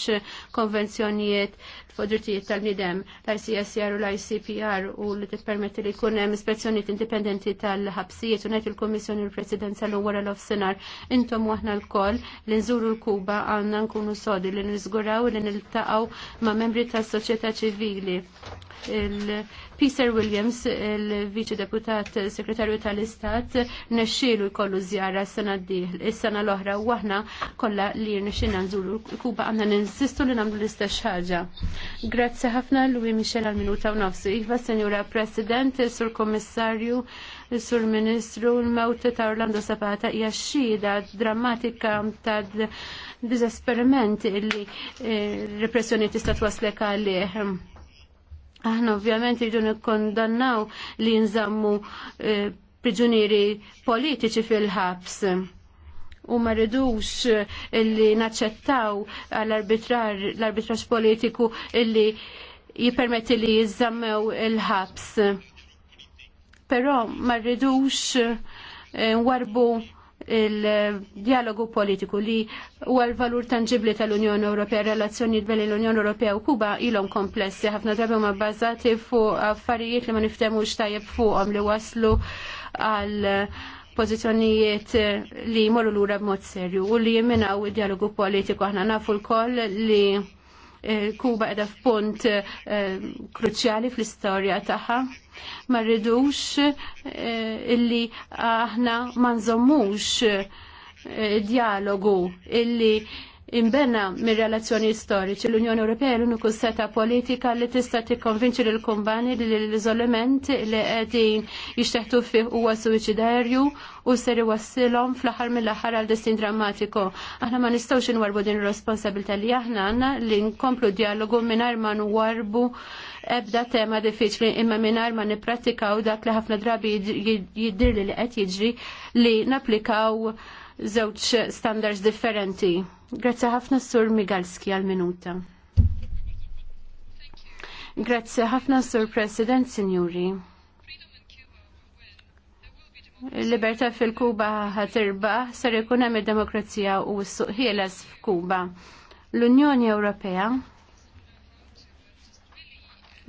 konvenzjonijiet fuq drittijiet tal-miedem l-ICSR u l-ICPR u li tippermetti li jkun hemm ispezzjonijiet indipendenti tal-ħabsijiet u ngħid il-Kummissjoni l-Presidenza l wara l ofsenar intom waħna l-koll li nżuru l-Kuba għandna nkunu sodi li nżguraw li niltaqgħu ma' membri tas-soċjetà ċivili il-Peter Williams, il vice Deputat Sekretarju tal-Istat, nexxielu jkollu zjara s-sena d-dieħl, s-sena l-oħra, u aħna kollha li nexxilna nżuru Kuba għandna ninsistu li nagħmlu l-istess ħaġa. Grazzi ħafna Louis Michel għal-minuta u nofsu. Iva, Senjura President, Sur Kommissarju, Sur Ministru, l-mewt ta' Orlando Sapata hija xhieda drammatika ta' disesperiment li eh, repressjoni tista' twaslek għalih Aħna ovvjament rridu nikkondannaw li nżammu eh, priġunieri politiċi fil-ħabs u ma ridux eh, li naċċettaw l-arbitraġ politiku illi jipermetti li jizzammew il-ħabs. Però ma rridux eh, nwarbu il-dialogu politiku li huwa l-valur tangibli tal-Unjoni Ewropea, relazzjonijiet bejn l-Unjoni Ewropea u Kuba ilhom komplessi, ħafna drabi huma bbażati fuq affarijiet li ma niftemux tajjeb fuqhom li waslu għal pożizzjonijiet li jmorru lura b'mod serju u li jiminaw id-dialogu politiku aħna nafu l-koll li Eh, Kuba edha f'punt eh, kruċjali fl-istorja tagħha. Ma rridux eh, illi aħna ma nżommux dialogu illi imbenna mir relazzjoni storiċi l-Unjoni Ewropea l-uniku seta politika li tista' tikkonvinċi lil kumbani li l-iżolament li qegħdin jixtieħtu fih huwa suwiċidarju u ser iwassilhom fl-aħħar mill-aħħar għal destin drammatiku. Aħna ma nistgħux inwarbu din ir-responsabilità li aħna għandna li nkomplu dialogu mingħajr ma nwarbu ebda tema diffiċli imma mingħajr ma nipprattikaw dak li ħafna drabi jiddirli li qed jiġri li napplikaw żewġ standards differenti. Grazzi ħafna Sur Migalski għal-minuta. Grazzi ħafna Sur President, Signori. libertà fil-Kuba ħatirba ser ikun hemm id-demokrazija u s-suq ħieles f'Kuba. L-Unjoni Ewropea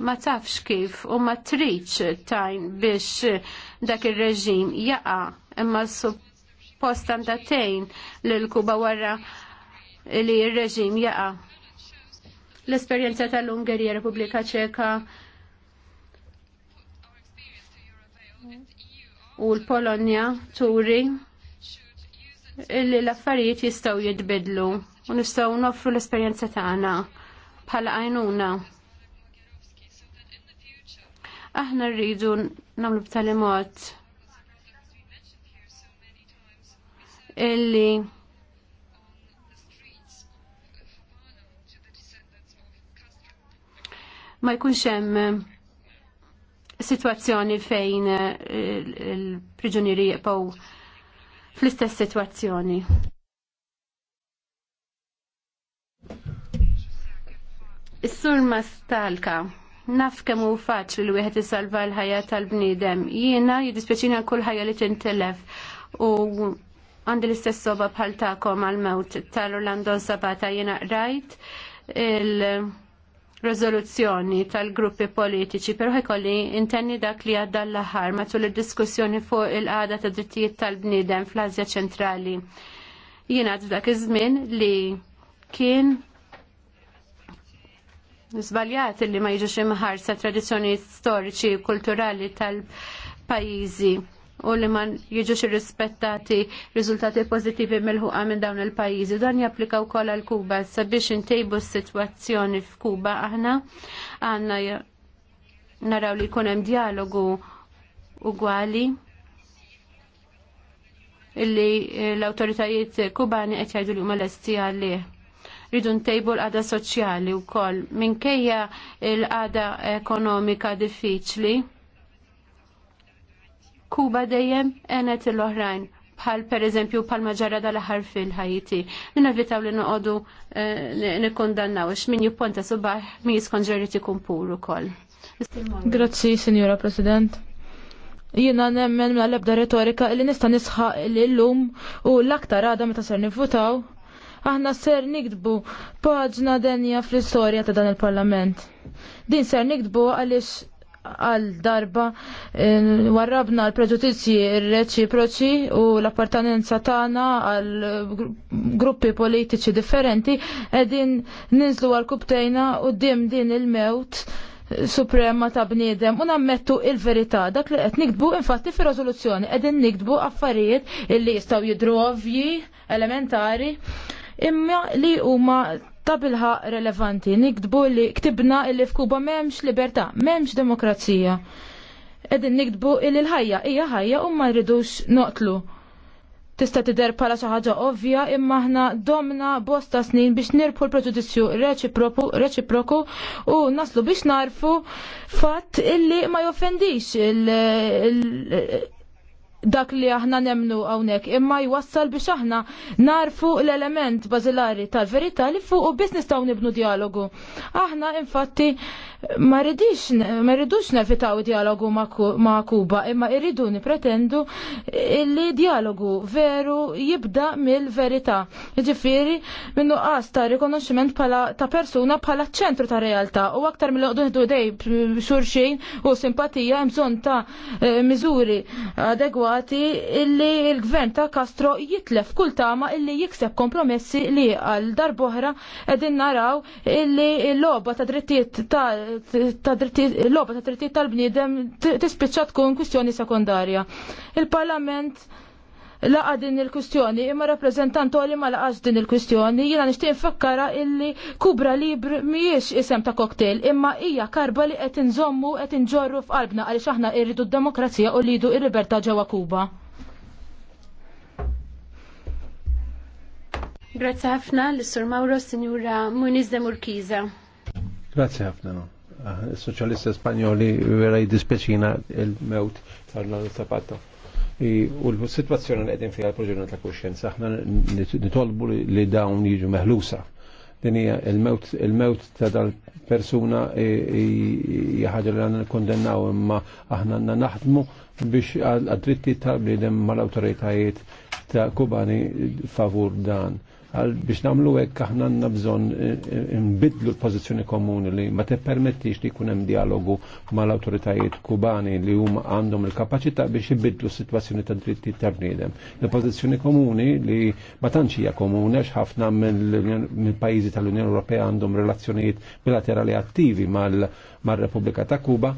ma tafx kif u ma triċ tajn biex dak ir-reġim jaqa' imma s suppost għandha Kuba warra li il reġim jaqa'. L-esperjenza tal-Ungerija Repubblika Ċeka u l-Polonja turi illi l-affarijiet jistaw jitbidlu u nistaw noffru l-esperienza tagħna bħala għajnuna. Aħna rridu nagħmlu b'tali mod illi ma jkunx hemm eh, situazzjoni fejn eh, il-priġunieri jibqgħu fl-istess situazzjoni. Is-sur Mastalka, naf kemm hu faċli li wieħed isalva l-ħajja tal-bniedem. Jiena jiddispjaċina kull ħajja li tintelef u għandi l-istess soba bħal ta'kom għal-mewt tal-Orlando Sabata jena rajt il-rezoluzzjoni tal-gruppi politiċi, pero ħekolli intenni dak li għadda l-ħar matul il-diskussjoni fuq il-għada ta' drittijiet tal-bnidem fl-Azja ċentrali. Jena dak iż-żmien li kien zbaljat li ma jiġux imħarsa tradizzjoni storiċi kulturali tal-pajizi u li ma jiġux irrispettati riżultati pożittivi mill-ħuqa minn dawn il-pajjiżi. Dan japplika wkoll għal Kuba sabiex intejbu s-sitwazzjoni f'Kuba aħna għandna naraw li jkun hemm dialogu ugwali illi l-autoritajiet kubani qed jgħidu li huma lesti għalih. Ridu ntejbu l-qada soċjali wkoll minkejja l-qada ekonomika diffiċli. Kuba dejjem enet l-oħrajn bħal per eżempju bħal maġara dal-ħar fil-ħajti. Ninavitaw li noqodu eh, nikondannaw, x'min jipponta subaħ mi jiskon ġerriti kumpuru kol. Grazzi, sinjora President. Jina nemmen ma mela lebda retorika li nista nisħa li l-lum u l-aktar għada meta ser nivvutaw, aħna ser nikdbu paġna denja fl-istorja ta' dan il-parlament. Din ser nikdbu għalix għal darba eh, warrabna l preġudizzji reċiproċi u l-appartenenza tagħna għal gruppi politiċi differenti qegħdin ninżlu għal kubtejna u dim din il-mewt suprema ta' bniedem u nammettu il-verità dak li qed nikdbu infatti fi riżoluzzjoni qegħdin nikdbu affarijiet illi jistgħu jidru ovvji elementari imma li huma ta' bilħa relevanti. Nikdbu li ktibna illi f'Kuba memx libertà, memx demokrazija. Edin nikdbu illi l-ħajja hija ħajja u ma rridux noqtlu. Tista' tidher bħala xi ħaġa ovvja imma aħna domna bosta snin biex nirpu l-preġudizzju reċiproku u naslu biex narfu fatt illi ma joffendix il dak li aħna nemnu għawnek, imma jwassal biex aħna narfu l-element bazilari tal-verità li fuq u biznis taw nibnu dialogu. Aħna infatti ma rridux nefitaw dialogu ma' Kuba, imma irridu nipretendu li dialogu veru jibda mill-verità. Ġifiri, minnu qas ta' rikonoxximent ta' persuna bħala ċentru ta' realtà u aktar mill-qdu dej xurxin u simpatija imżon ta' eh, miżuri adegwa attwati illi il-gvern ta' Castro jitlef kull tama illi jikseb kompromessi li għal darboħra edin naraw illi l-loba ta' drittiet ta' l-loba ta' drittijiet tal-bniedem tispiċċa tkun kwistjoni sekundarja. Il-Parlament laqa din il-kustjoni, imma rappresentant li ma laqax din il-kustjoni, jina nishtiq fakkara illi kubra libr miex isem ta' koktejl, imma hija karba li qed inżommu qed inġorru f'qalbna għaliex aħna irridu d-demokrazija u lidu ir-libertà ġewwa Kuba. Grazzi ħafna l-Sur Mauro Sinjura Muniz de Murkiza. Grazzi ħafna. Ah, Soċjalista Spanjoli vera jiddispeċina il-mewt tal-Lano Zapato u l-situazzjoni li qegħdin fiha l-proġurnat ta' kuxjenza aħna nitolbu li dawn jiġu meħlusa din hija il-mewt ta' dal-persuna e, e, ħaġa li għandna kondennaw imma aħna għandna naħdmu biex għad-dritti tal-bniedem mal-awtoritajiet ta' Kubani favur dan għal biex namlu hekk aħna għandna bżonn e, e, nbidlu l-pożizzjoni komuni li ma tippermettix li jkun hemm ma mal-awtoritajiet kubani li huma għandhom il-kapaċità biex ibidlu s-sitwazzjoni ta' dritti ta' bnidem. Il-pożizzjoni komuni li ma tantx hija komuni għax ħafna mill-pajjiżi tal-Unjoni Ewropea għandhom relazzjonijiet bilaterali attivi mal-Repubblika ta' Kuba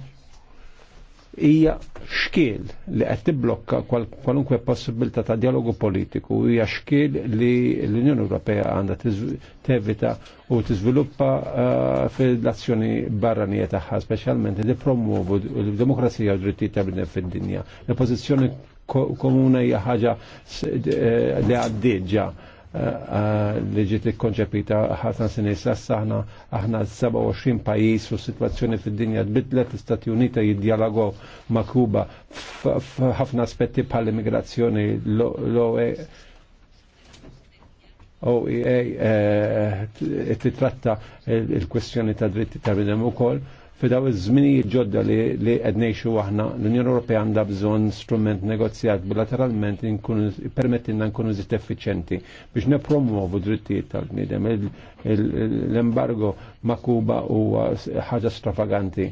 hija xkiel li qed tibblokka kwalunkwe possibilità ta' dialogu politiku hija xkiel li l-Unjoni Ewropea għandha tevita u tiżviluppa eh, fil-azzjoni barranija tagħha speċjalment li promuovu l-demokrazija u drittijiet ta' bnedmin fid-dinja. Il-pożizzjoni komuna hija ħaġa eh, li għaddiġa li ġiet ikkonċepita ħafna sin issa aħna aħna 27 pajjiż u situazzjoni fid-dinja tbidlet l-Istati Uniti jiddialogħu ma' Kuba f'ħafna aspetti bħal immigrazzjoni l-OEA e oe eh, titratta il-kwestjoni ta' dritti ta' bidem ukoll f'daw iż-żminijiet ġodda li qed ngħixu aħna l-Unjoni Ewropea għandha bżonn strument negozjat bilateralment permettilna nkunu żitt effiċjenti biex nepromuovu drittijiet tal-bniedem. L-embargo ma' Kuba huwa ħaġa strafaganti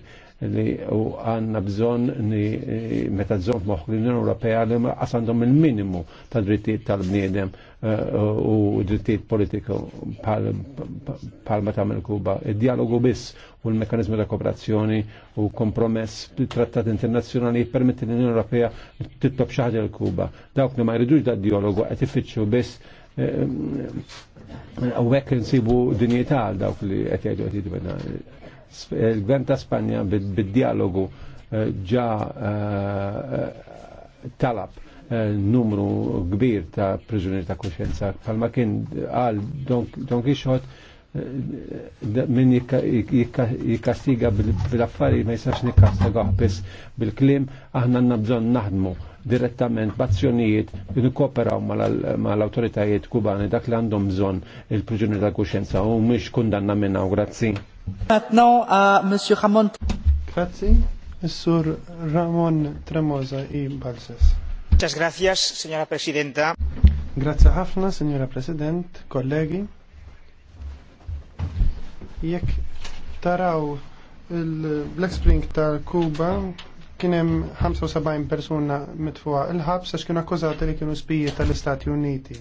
li u għanna bżon li meta bżon moħ n unjoni Ewropea li għasandhom il-minimu ta' drittijiet tal-bniedem eh, u drittijiet politiku palma ta' Kuba. Il-dialogu biss u l mekanizmi ta' kooperazzjoni u kompromess trattat internazzjonali permetti l-Unjoni Ewropea titlob xaħġa l-Kuba. Dawk li ma jridux da' dialogu għet ifittxu biss eh, u għawek nsibu dinjeta dawk li għet jgħidu għet Eh, il-gvern ta' Spanja bid-dialogu eh, ġa eh, talab numru kbir ta' priġunieri ta' kuxenza. Palma kien għal Don Quixote min jikkastiga bil-affari ma jisax nikastiga biss bil-klim, aħna għanna bżon naħdmu direttament b'azzjonijiet nikkooperaw mal-autoritajiet kubani dak li għandhom bżon il-priġuni ta' kuxjenza u mhix kundanna minna u grazzi. Maintenant à Monsieur Ramon. Grazie. Sur Ramon Tremosa i Balses. Muchas gracias, señora presidenta. Grazie ħafna, signora President, kollegi. Jekk taraw il-Black Spring tal-Kuba kien hemm 75 persuna mitfuqa il-ħabs għax kienu akkużati li kienu spiji tal-Istati Uniti.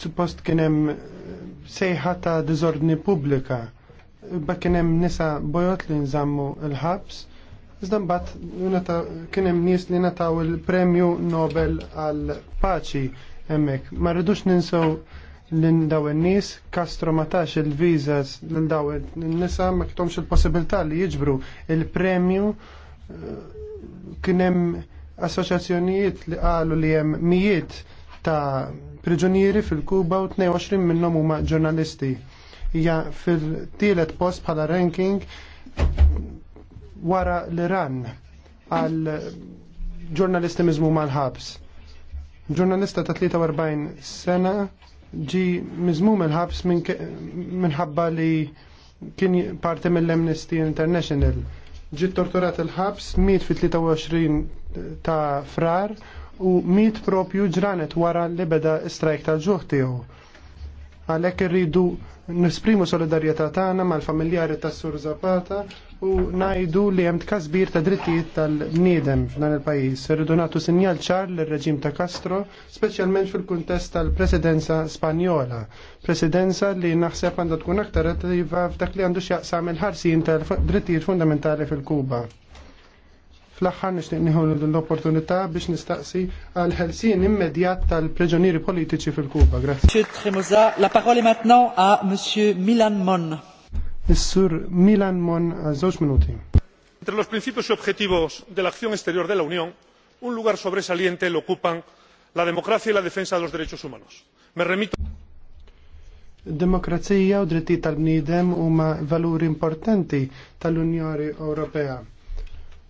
suppost kien hemm sejħa ta' dizordni publika. Ba kienem nisa bojot li nżammu l-ħabs. Iżda bat, kienem nis li nataw il-Premju Nobel għal paċi hemmhekk. Ma rridux ninsaw lil daw in-nies Castro ma tax il vizas lil daw il nisa ma kitomx il-possibilità li jiġbru il-premju kien hemm assoċjazzjonijiet li qalu li hemm mijiet ta' priġunieri fil-Kuba u 22 minnhom huma ġurnalisti. Hija fil-tielet post bħala ranking wara l-Iran għal ġurnalisti miżmu mal-ħabs. Ġurnalista ta' 43 sena ġi miżmu mill-ħabs minħabba li kien parti mill-Amnesty International. Ġi torturat il-ħabs, miet fit-23 ta' frar u mit propju ġranet wara li beda strajk tal-ġuħ tiegħu. Għalhekk irridu nisprimu solidarjetà tagħna mal-familjari tas Sur Zapata u ngħidu li hemm tkasbir ta' drittijiet tal-bniedem f'dan il-pajjiż. Irridu nagħtu sinjal ċar l reġim ta' Castro, speċjalment fil-kuntest tal-Presidenza Spanjola, presidenza li naħseb għandha tkun aktar attiva f'dak li għandu x'jaqsam il ħarsin tal-drittijiet fundamentali fil-Kuba fl axħar nixtieq l-opportunità biex nistaqsi għal ħelsin immedjat tal-preġunieri politiċi fil-Kuba. Grazie. Monsieur La parole maintenant a Monsieur Milan Mon. Monsieur Milan Mon zoċ minuti. Entre los principios y objetivos de la acción exterior de la Unión, un lugar sobresaliente lo ocupan la democracia y la defensa de los derechos humanos. Me remito Demokrazija u dritti tal-bniedem huma valuri importanti tal-Unjoni Ewropea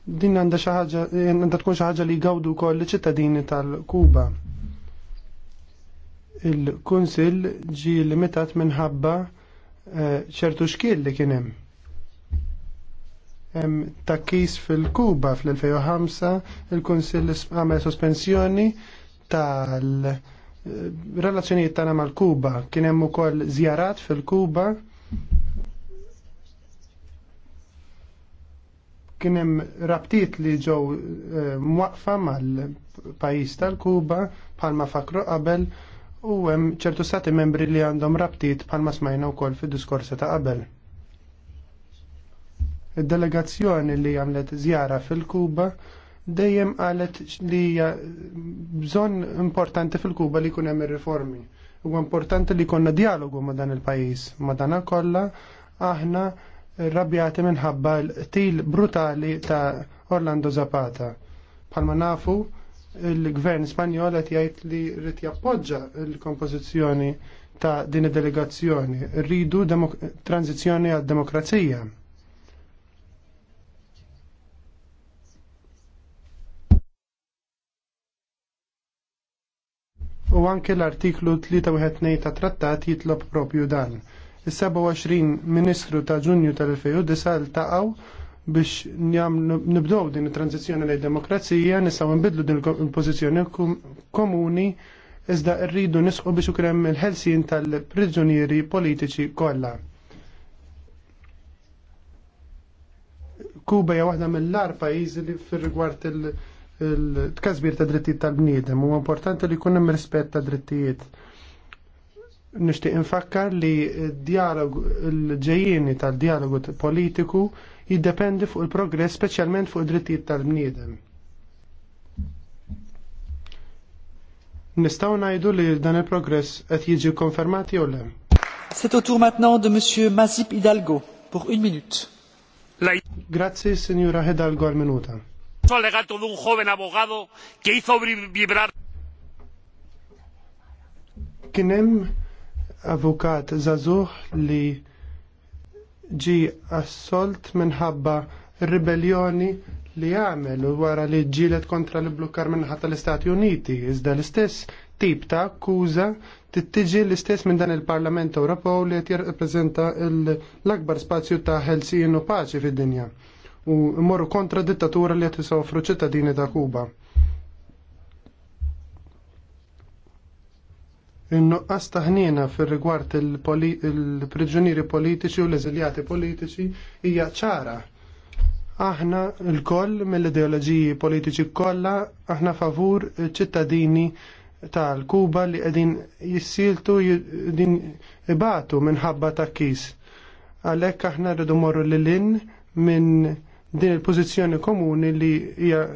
din għanda xaħġa, għanda tkun xaħġa li għawdu kol li ċittadini tal-Kuba. Il-Kunsil ġi limitat minħabba eh, ċertu xkiel li kienem. Hemm takkis fil-Kuba fl-2005 il-Kunsil għamel sospensjoni tal-relazzjonijiet eh, tagħna mal-Kuba. Kien hemm ukoll żjarat fil-Kuba kien hemm rabtiet li ġew eh, mwaqfa mal-pajjiż tal-Kuba bħalma fakru qabel u hemm ċertu stati membri li għandhom rabtiet bħalma smajna wkoll fid-diskorsi ta' qabel. Id-delegazzjoni li għamlet żjara fil-Kuba dejjem qalet li hija bżonn importanti fil-Kuba li jkun hemm ir-riformi. Huwa importanti li jkollna dialogu ma' dan il-pajjiż, ma' dan kollha aħna rrabjati minħabba l-til brutali ta' Orlando Zapata. Palma nafu, il-gvern Spanjol qed jgħid li rrid jappoġġa l-kompożizzjoni ta' din id-delegazzjoni. Rridu tranzizjoni għad demokrazija. U anke l-artiklu 312 ta' trattat jitlob propju dan Is-27 Ministru ta' Ġunju tal-2009 iltaqgħu biex nibdow din it-tranzizjoni lej demokrazija, nistaw nbidlu din il-pozizjoni komuni, iżda rridu nisqu biex ukrem il-ħelsin tal-priġunieri politiċi kollha. Kuba hija waħda mill-ar pajjiżi li fir-rigward il tkażbir ta' drittijiet tal-bniedem, huwa importanti li jkun hemm rispett ta' drittijiet nishtiq infakkar li dialog il-ġejjini tal-dialogu politiku jiddependi fuq il-progress specialment fuq id-drittijiet tal-bniedem. Nistaw najdu li dan il-progress qed jiġi konfermati u le. C'est au tour maintenant de monsieur Mazip Hidalgo pour une minute. Grazie signora Hidalgo al minuta. Alegato de un joven abogado que hizo vibrar Kinem avukat Zazuh li ġi assolt minħabba ribellioni li għamel wara li ġilet kontra l-blokkar minnħata l-Istati Uniti. Iżda l-istess tip ta' akkuża tittiġi l-istess minn dan il-Parlament Ewropew li qed reprezenta l-akbar spazju ta' ħelsien u paċi fid-dinja u mmorru kontra dittatura li qed ċittadini ta' Kuba. In-nuqqas taħnina fir-rigward il-priġunieri politiċi u l-eżiljati politiċi hija ċara. Aħna l-koll mill-ideoloġiji politiċi kollha aħna favur ċittadini tal-Kuba li qegħdin jissiltu din ibatu minħabba ta' kis. Għalhekk aħna rridu morru lil lin minn din il-pożizzjoni komuni li hija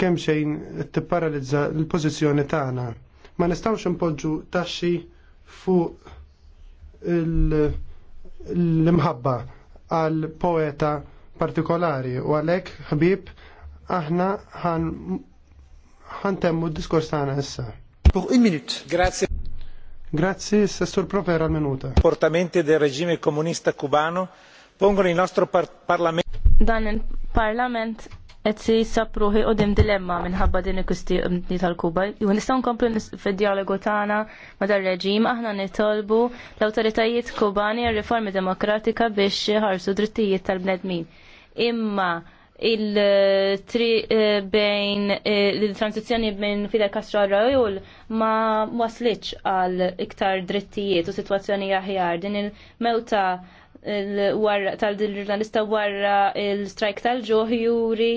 kemm xejn tipparalizza l-pożizzjoni tagħna Ma nistawx impoġġu taxxi fuq l-imħabba għal poeta partikolari u għalek ħbib aħna ħan temmu d-diskors tagħna issa. Pour un minut. Grazie. Grazie, Sessur Proper al minuta. Portamenti del regime comunista cubano pongono il nostro par Parlamento. Dan il parlamento qed jisab u dim dilemma minħabba din il-kustjoni mm, tal-Kuba. U nistgħu nkomplu fid-dialogu tagħna ma' dar-reġim aħna nitolbu l-awtoritajiet Kubani għal riformi demokratika biex ħarsu drittijiet tal-bnedmin. Imma il-tri eh, bejn eh, il-transizjoni bejn Fidel Castro Rajoul ma waslitx għal iktar drittijiet u situazzjoni aħjar din il-mewta tal-ġurnalista warra il strike tal-ġoħjuri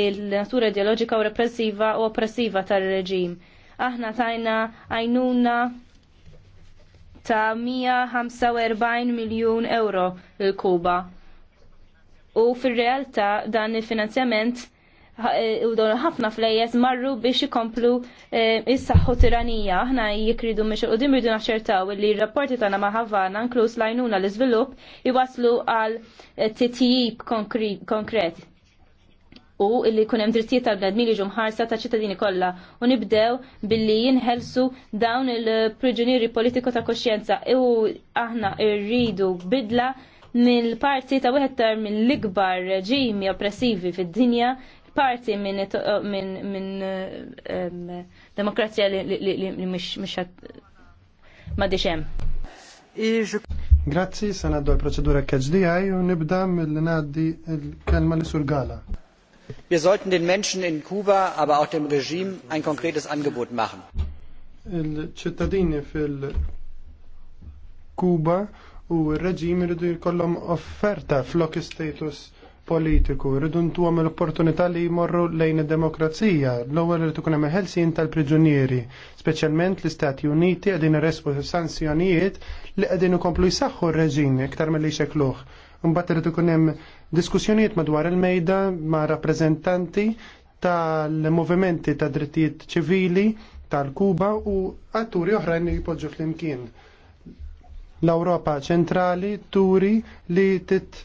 il-natura ideologika u repressiva u oppressiva tal-reġim. Aħna tajna għajnuna ta' 145 miljon euro l-Kuba. U fil-realtà dan il-finanzjament Eh, u donu ħafna flejjes marru biex ikomplu eh, is-saħħu tiranija. Aħna jikridu miex u dimridu naċċertaw li r-rapporti tagħna ma' Havana inkluż lajnuna l-iżvilupp iwaslu għal eh, titjib konkret u illi kunem drittijiet tal-bnedmin li ħarsa ta' ċittadini kollha u nibdew billi jinħelsu dawn il-priġunieri politiku ta' koxjenza e u aħna rridu bidla mill-parti ta' wieħed tar mill-ikbar reġimi oppressivi fid-dinja parti minn min, min, um, demokrazija li li, li, li, li mish, mhix ma diċem. Grazzi, sanaddu għal-proċedura KHDI u nibda mill-naddi l-kelma li surgala. Wir sollten den Menschen in Kuba, aber auch dem Regime ein konkretes Angebot machen. Il-ċittadini fil-Kuba u il-reġim irridu jkollhom offerta flok status politiku, rridu ntu għam l-opportunità li jmorru lejn id-demokrazija, l-ewwel li ikun hemm ħelsin tal-priġunieri, speċjalment l-Istati Uniti qegħdin iresqu sanzjonijiet li qegħdin ikomplu jsaħħu r-reġim iktar milli xekluh. Imbagħad irid ikun hemm diskussjonijiet madwar il-mejda ma' rappreżentanti tal-movimenti ta' drittijiet ċivili tal-Kuba u atturi oħrajn li jpoġġu flimkien. L-Ewropa ċentrali turi li tit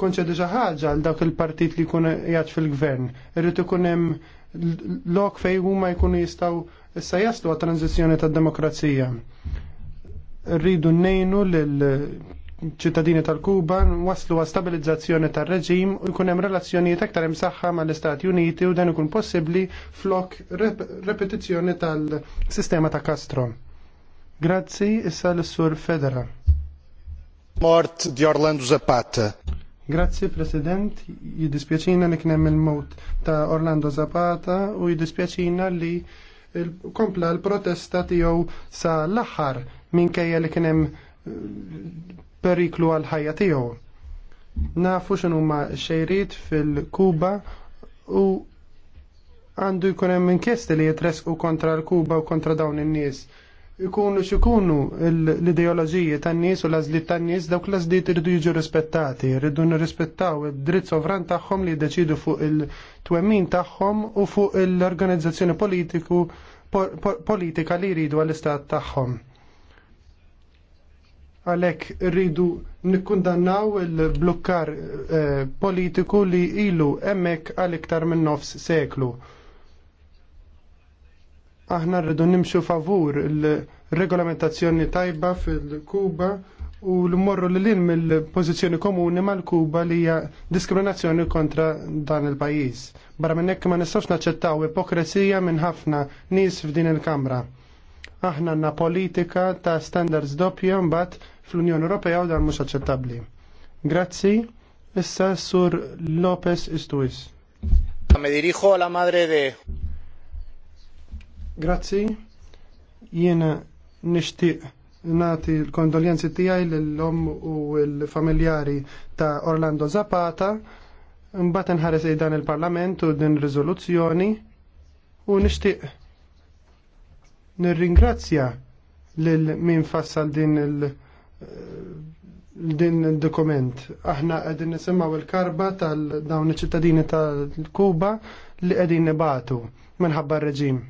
konċedi xi ħaġa għal dawk il-partit li kun jgħat fil-gvern. Irrid ikun hemm lok fejn huma jkunu jistgħu issa jaslu għat tranzizjoni tad-demokrazija. Rridu nnejnu lil ċittadini tal-Kuba waslu għal stabilizzazzjoni tar-reġim u jkun hemm relazzjonijiet aktar imsaħħa mal-Istati Uniti u dan ikun possibbli flok repetizzjoni tal-sistema ta' Castro. Grazzi issa l-Sur Federa. Mort di Orlando Zapata. Grazzi President, jiddispjaċina li kien hemm il-mot ta' Orlando Zapata u jiddispjaċina li kompla l-protesta tiegħu sa l-aħħar minkejja li kien hemm eh, periklu għal ħajja tiegħu. Nafu x'inhuma xejrid fil-Kuba u għandu jkun hemm inkjesti li jitresku kontra l-Kuba u kontra dawn in-nies ikunu xikunu l-ideologiji tan-nies u l-azlit tan-nies dawk l-azlit irridu jiġu rispettati, irridu nirrispettaw id-dritt sovran tagħhom li jiddeċidu fuq il-twemmin tagħhom u fuq l-organizzazzjoni politiku politika li jridu għall-istat tagħhom. Għalhekk irridu nikkundannaw il-blukkar eh, politiku li ilu hemmhekk għal iktar minn nofs seklu aħna rridu nimxu favur il-regolamentazzjoni tajba fil-Kuba u l-morru l lin mill-pozizjoni komuni mal-Kuba li hija diskriminazzjoni kontra dan il-pajjiż. Barra minn ma nistax naċċettaw ipokresija minn ħafna nies f'din il-Kamra. Aħna na politika ta' standards doppja mbagħad fl-Unjoni Ewropea u dan mhux aċċettabbli. Grazzi, issa sur Lopez Istuis. Me dirijo a la madre de Grazzi. Jiena nixtieq nati l-kondoljenzi tiegħi lill-om u l-familjari ta' Orlando Zapata. Mbagħad inħares dan il-Parlament u din riżoluzzjoni u nixtieq nirringrazzja lil min fassal din il- din il-dokument. Aħna qegħdin nisimgħu il-karba tal-dawn ċittadini tal-Kuba li qegħdin nibatu minħabba r-reġim.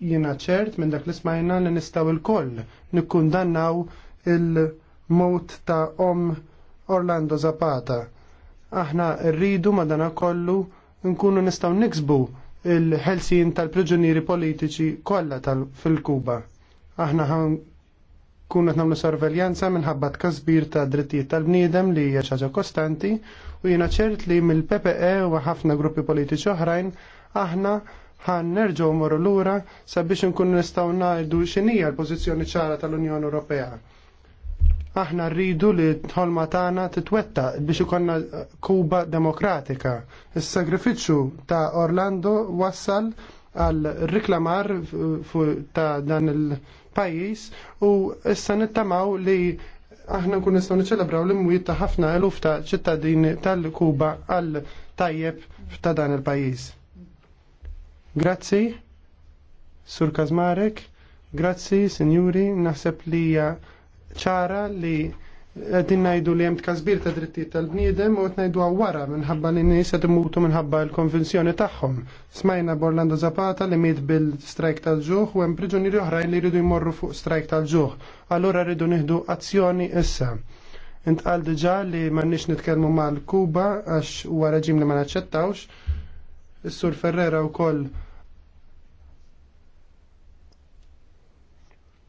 Jiena ċert minn dak li smajna li nistgħu lkoll nikkundannaw il-mot ta' om Orlando Zapata. Aħna rridu madana kollu nkunu nistgħu niksbu il-ħelsin tal-priġunieri politiċi kollha fil-Kuba. Aħna ħan kunet nagħmlu sorveljanza minħabba kazbir ta' drittijiet tal-bniedem li hija ċaġa kostanti u jiena ċert li mill-PPE u ħafna gruppi politiċi oħrajn aħna ħan nerġgħu morru lura sabiex nkun nistgħu ngħidu x'inija l-pożizzjoni ċara tal-Unjoni Ewropea. Aħna rridu li tħolma tagħna titwetta biex ikonna Kuba demokratika. Is-sagrifiċċju ta' Orlando wassal għal riklamar ta' dan il-pajjiż u issa nittamaw li aħna nkun nistgħu niċċelebraw l-imwiet ta' ħafna eluf ta' ċittadini tal-Kuba għal tajjeb ta' dan il-pajjiż. Grazzi, Sur Kazmarek, grazzi, signori, naħseb li ċara li għedin najdu li jemt kazbir ta' drittijiet tal-bniedem u għetnajdu għawara minħabba li għedin imutu minħabba l-konvenzjoni tagħhom. Smajna Borlando Zapata li mit bil-strajk tal-ġuħ u hemm priġunieri oħrajn li rridu jmorru fuq strajk tal-ġuħ. Allura rridu nieħdu azzjoni issa. Intqal diġa li mannix nitkellmu mal-Kuba għax u reġim li ma naċċettawx Is-Sur Ferrera wkoll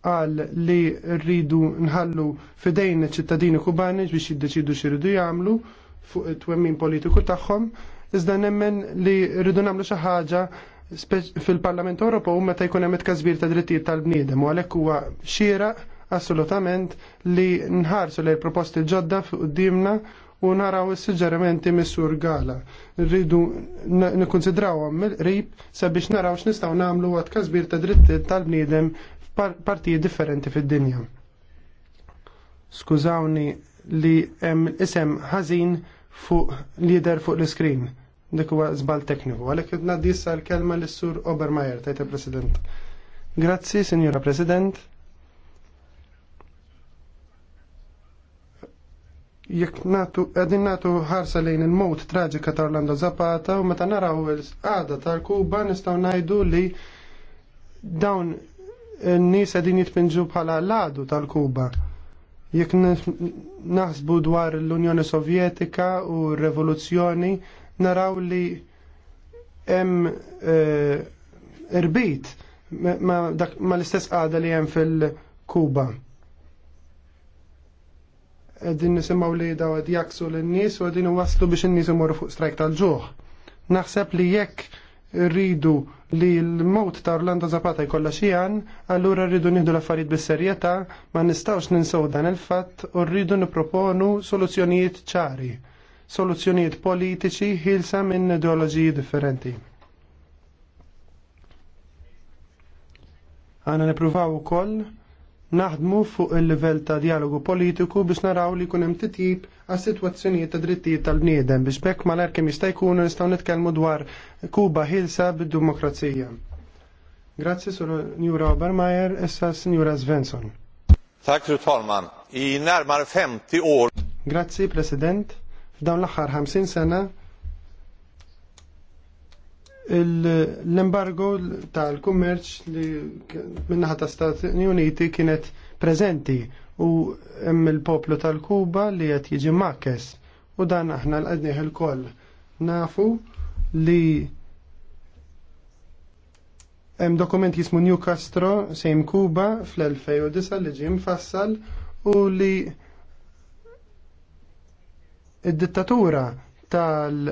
qal li rridu nħallu fidejn iċ-ċittadini kubani biex jiddeċidu x'iridu jagħmlu fuq it-twemmin politiku tagħhom, iżda nemmen li rridu nagħmlu xi ħaġa fil-Parlament Ewropew meta jkun hemm it-każbir ta' drittijiet tal-bniedem u għalhekk huwa xieraq assolutament li nħarsu lejn proposti ġodda fuq qudiemna u naraw is-suġġerimenti mis-sur Gala. Rridu nikkonsidrawhom mill-qrib sabiex naraw x'nistgħu nagħmlu għad kazbir ta' dritti tal-bniedem f'partijiet differenti fid-dinja. Skużawni li hemm isem ħażin fuq lider fuq l-iskrin. Dik huwa żball tekniku, għalhekk qed ngħaddi issa l-kelma lis-sur Obermeyer tajt il-President. Grazzi, Sinjura President. jekk natu qegħdin natu ħarsa lejn il-mod traġika ta' Orlando Zapata u meta naraw il-qada tal-Kuba nistgħu ngħidu li dawn n-nies qegħdin jitpinġu bħala l-għadu tal-Kuba. Jekk naħsbu dwar l-Unjoni Sovjetika u r-Revoluzzjoni naraw li hemm eh, irbit ma, l-istess qada li hemm fil-Kuba din nisimaw li daw għed jaksu l-nis u għedin waslu biex n-nis imorru fuq strajk tal-ġuħ. Naħseb li jekk rridu li l-mot ta' Orlando Zapata jkollha xijan, allura rridu nieħdu l-affarijiet bis-serjetà, ma nistgħux ninsaw dan il-fatt u rridu nipproponu soluzzjonijiet ċari, soluzzjonijiet politiċi ħilsa minn ideoloġiji differenti. Għana nippruvaw ukoll naħdmu fuq il-livell ta' dialogu politiku biex naraw li kunem titjib għas situazzjoniet ta' drittijiet tal-bniedem biex bekk ma narkem jista' jkunu nistgħu nitkellmu dwar Kuba ħilsa bid-demokrazija. Grazzi sur Njura Obermajer, issa Njura Svensson. Tak, fru talman. I närmare 50 år. Grazzi, President. F'dawn l-aħħar 50 sena l-embargo tal-kummerċ li minnaħa ta' Stati Uniti kienet prezenti u hemm il-poplu tal-Kuba li qed jiġi makkes u dan aħna l qedniħ il-koll nafu li hemm dokument jismu New Castro sejm Kuba fl-2009 li ġie mfassal u li id-dittatura tal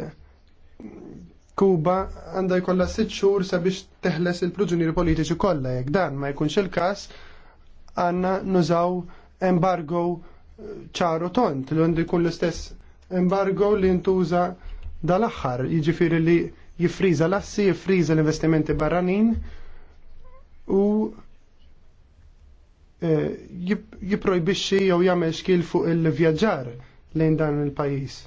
Kuba għandha jkollha sitt xhur sabiex teħles il-pruġunieri politiċi kollha jekk dan ma jkunx il-każ għandna nużaw embargo eh, ċaru tont li għandu jkun l-istess embargo li ntuża dal-aħħar, jiġifieri li jifriża l-assi, jifriża l-investimenti barranin u eh, jiprojbixxi jew jagħmel xkil fuq il-vjaġġar lejn dan il-pajjiż.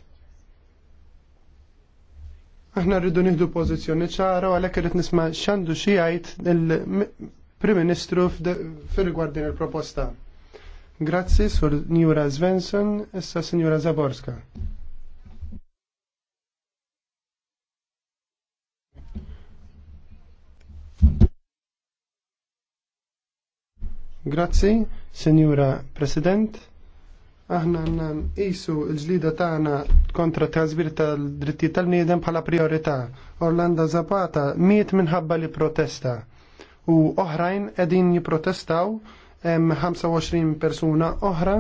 Aħna rridu nieħdu pożizzjoni ċara u għalhekk irid nisma' x'għandu xi jgħid il-Prim Ministru fir-rigward din il-proposta. Grazzi sur Njura Svensson, issa Sinjura Zaborska. Grazzi, Sinjura President aħna n-isu l-ġlida tagħna kontra t-tazbir tal dritti tal nidem bħala priorità. Orlando Zapata miet minħabba li protesta u oħrajn qegħdin jipprotestaw hemm 25 persuna oħra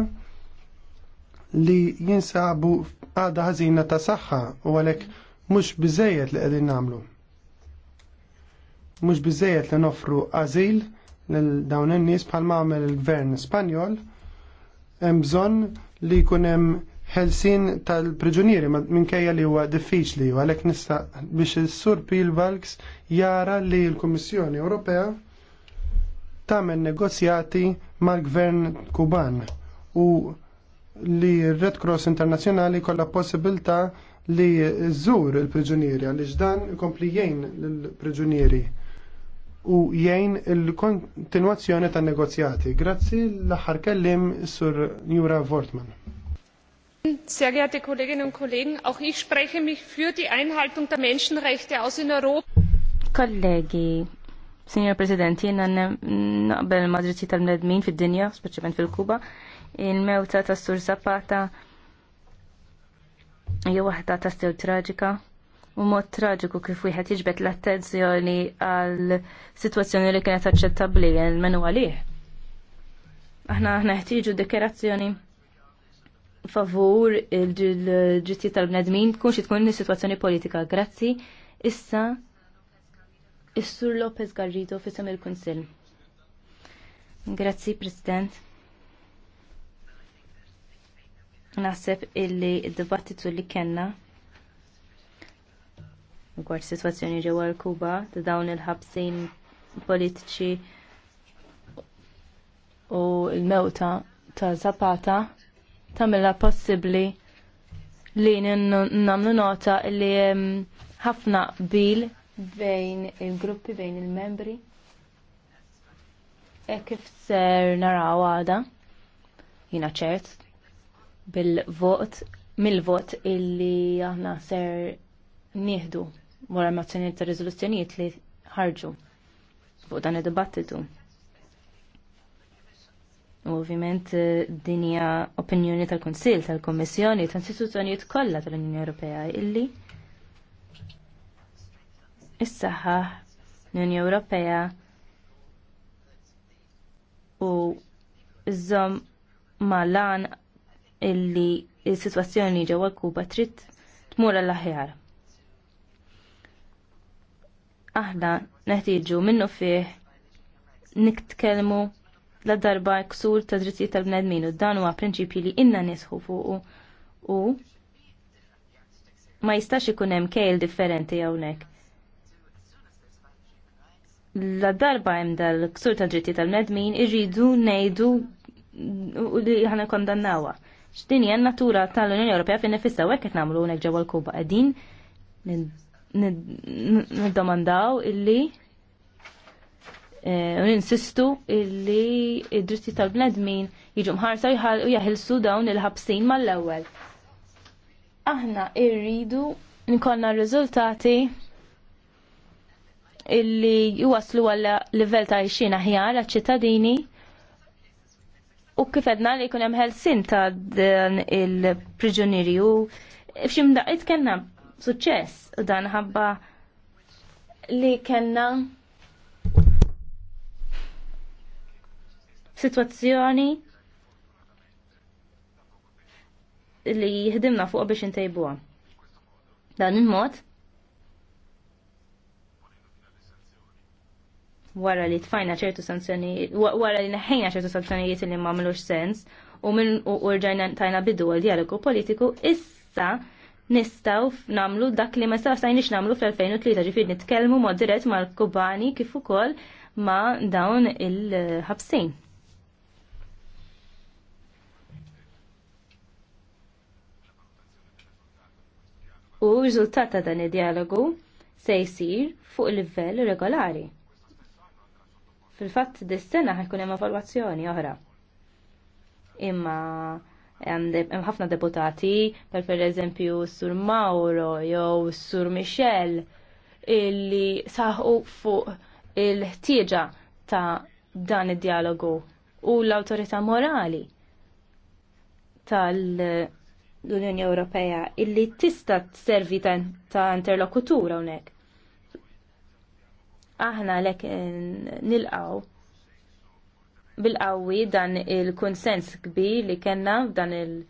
li jinsabu għada ħażina ta' saħħa u għalhekk mhux biżejjed li qegħdin nagħmlu. Mhux biżejjed li nofru għażil lil dawn in-nies bħalma għamel il-Gvern Spanjol hemm bżonn li jkun hemm ħelsin tal-priġunieri minkejja li huwa diffiċli u għalhekk nista' biex is-sur Valks jara li l-Kummissjoni Ewropea tagħmel negozjati mal-Gvern Kuban u li r-Red Cross Internazzjonali kollha possibilità li żżur il-priġunieri għaliex dan ikompli jgħin lill-priġunieri u jgħin il-kontinuazzjoni ta' negozjati. Grazzi l axar kellim sur Njura Vortman. Sehr geehrte Kolleginnen und Kollegen, auch ich spreche mich für die Einhaltung der Menschenrechte aus in Europa. Kollegi, Signor President, jena naqbel madritti tal-mledmin fil dinja specialment fil-Kuba, il-mewta ta' Sur Zapata hija waħda ta' stil traġika u mod traġiku kif wieħed jiġbed l-attenzjoni għal sitwazzjoni li kienet aċċettabbli menu għalih. Aħna aħna ħtieġu dekerazzjoni favur il-ġitti tal-bnedmin tkunx tkun situazzjoni politika. Grazzi. Issa Is-Sur Lopez Garrido fisem il-Kunsill. Grazzi, President. Naħseb illi id-dibattitu li kellna Nkwart situazzjoni ġewwa l-Kuba ta' dawn il-ħabsin politiċi u l-mewta ta' Zapata tagħmilha possibbli li nagħmlu nota li ħafna bil bejn il-gruppi bejn il-membri. E kif ser naraw għada, jina ċert, bil-vot, mill-vot illi aħna ser nieħdu wara mazzjonijiet ta' rizoluzzjonijiet li ħarġu fuq dan id-dibattitu. Ovvjament eh, din hija opinjoni tal kunsil tal-Kommissjoni, tal-istituzzjonijiet kollha tal-Unjoni Ewropea illi issaħħa saħħa l-Unjoni Ewropea u iżom malan illi s-sitwazzjoni ġewwa Kuba trid tmur l-aħjar aħna neħtieġu minnu fih nitkellmu la darba ksur ta' drittijiet tal-bnedmin u dan huwa prinċipji li inna nisħu fuq u ma jistax ikun hemm kejl differenti hawnhekk. La darba hemm dal-ksur ta' drittijiet tal-bnedmin irridu ngħidu u li ħana kondannawa. X'din hija natura tal-Unjoni Ewropea fin nifissa hekk qed nagħmlu hawnhekk ġewwa l-Kuba qegħdin niddomandaw illi u ninsistu illi id-dritti tal-bnedmin jiġu mħarsa u jaħilsu dawn il-ħabsin mal-ewwel. Aħna irridu nkollna r-riżultati illi jwaslu għalla livell ta' jxina ħjar ċittadini u kif edna li jkun hemm ħelsin ta' dan il-priġunieri u f'xi mdaqqiet kellna suċċess u dan ħabba li kellna situazzjoni li jihdimna fuq biex intejbuha. Dan il-mod wara li tfajna ċertu sanzjoni wara li neħħejna ċertu sanzjonijiet li ma sens u minn u rġajna tajna bidu għal dialogu politiku, issa nistaw namlu dak li ma staw stajniex namlu fl-2003 ġifir nitkellmu mod dirett mal-Kubani kif ukoll ma dawn il-ħabsin. U riżultat ta' dan id-dialogu se jsir fuq livell regolari. Fil-fatt dis-sena ħajkun hemm evalwazzjoni oħra. Imma ħafna deputati, per per eżempju Sur Mauro jew Sur Michel, illi saħu fuq il-ħtieġa ta' dan id-dialogu u l awtorità morali tal-Unjoni Ewropea illi tista' tservi ta' interlokutura hawnhekk. Aħna lek nilqaw bil-qawwi dan il-konsens kbir li kellna dan il-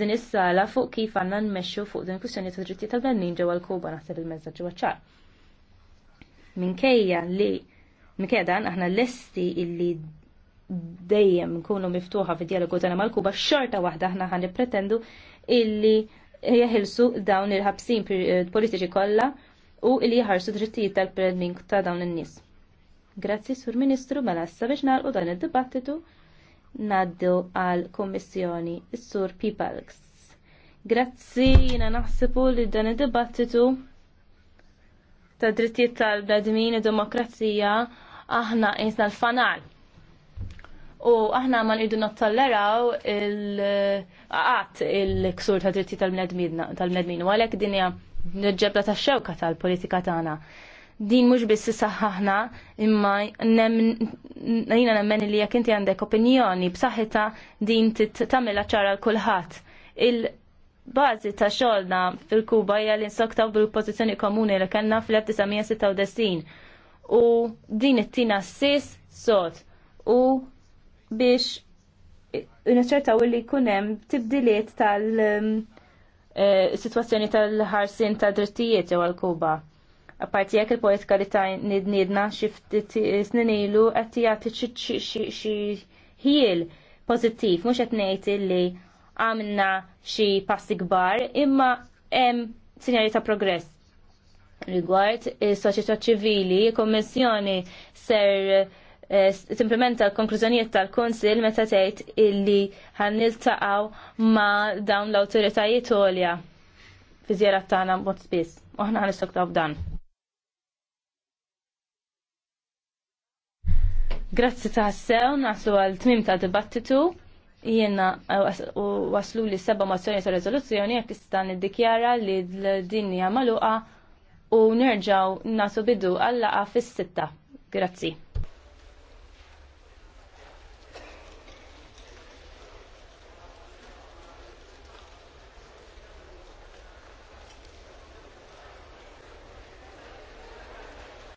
din is-sala fuq kif għandna nmexxu fuq din kwistjoni ta' drittijiet tal-bennin ġewwa l-Kuba naħseb il-messaġġ ġewwa ċar. Minkejja li minkejja dan aħna lesti illi dejjem nkunu miftuħa fid dialogu tagħna mal-Kuba xorta waħda aħna ħan nippretendu illi jeħilsu dawn il-ħabsin eh, politiċi kollha u illi jħarsu drittijiet tal-bennin ta' dawn in-nies. Grazzi Sur Ministru mela sabiex biex dan id-dibattitu ngħaddu għal Kommissjoni sur Pipalx. Grazzi jina naħsibu li dan id-dibattitu ta' drittijiet tal-bnedmin u demokrazija aħna insna l-fanal. U aħna ma nqidu nattalleraw il-qat il-ksur ta' drittijiet tal bladmin u għalhekk dinja nġebda ta' xewka tal-politika tagħna. Ta din mhux biss saħħaħna imma jiena nemmen li jekk inti għandek opinjoni b'saħħitha din tagħmel ċara l kulħadd. Il-bażi ta' xogħolna fil-Kuba hija li nsoktaw bil-pożizzjoni komuni li kellna fl-1996 u din it-tina sis sod u biex inaċċertaw li kunem tibdiliet tal-situazzjoni eh, tal-ħarsin tal drittijiet jew għal-Kuba Apparti jekk il-politika li ta' nidnidna xiftit snin ilu qed jagħti xi ħiel pożittiv mhux qed ngħid li għamilna xi passi kbar imma hemm sinjali ta' progress. Rigward is soċieta ċivili, il-Kommissjoni ser eh, timplementa l-konklużjonijiet tal-Konsil meta tgħid illi ħan niltaqgħu ma' dawn l-awtoritajiet għolja fi żjarat tagħna mod spiss. Aħna ħanistok dan. Grazzi ta' sew, naslu għal tmim ta' dibattitu. Jiena eh, waslu li seba mozzjoni ta' rezoluzzjoni jekk istan iddikjara li din hija maluqa u nerġgħu nasu bidu għallaqa fis-sitta. Grazzi.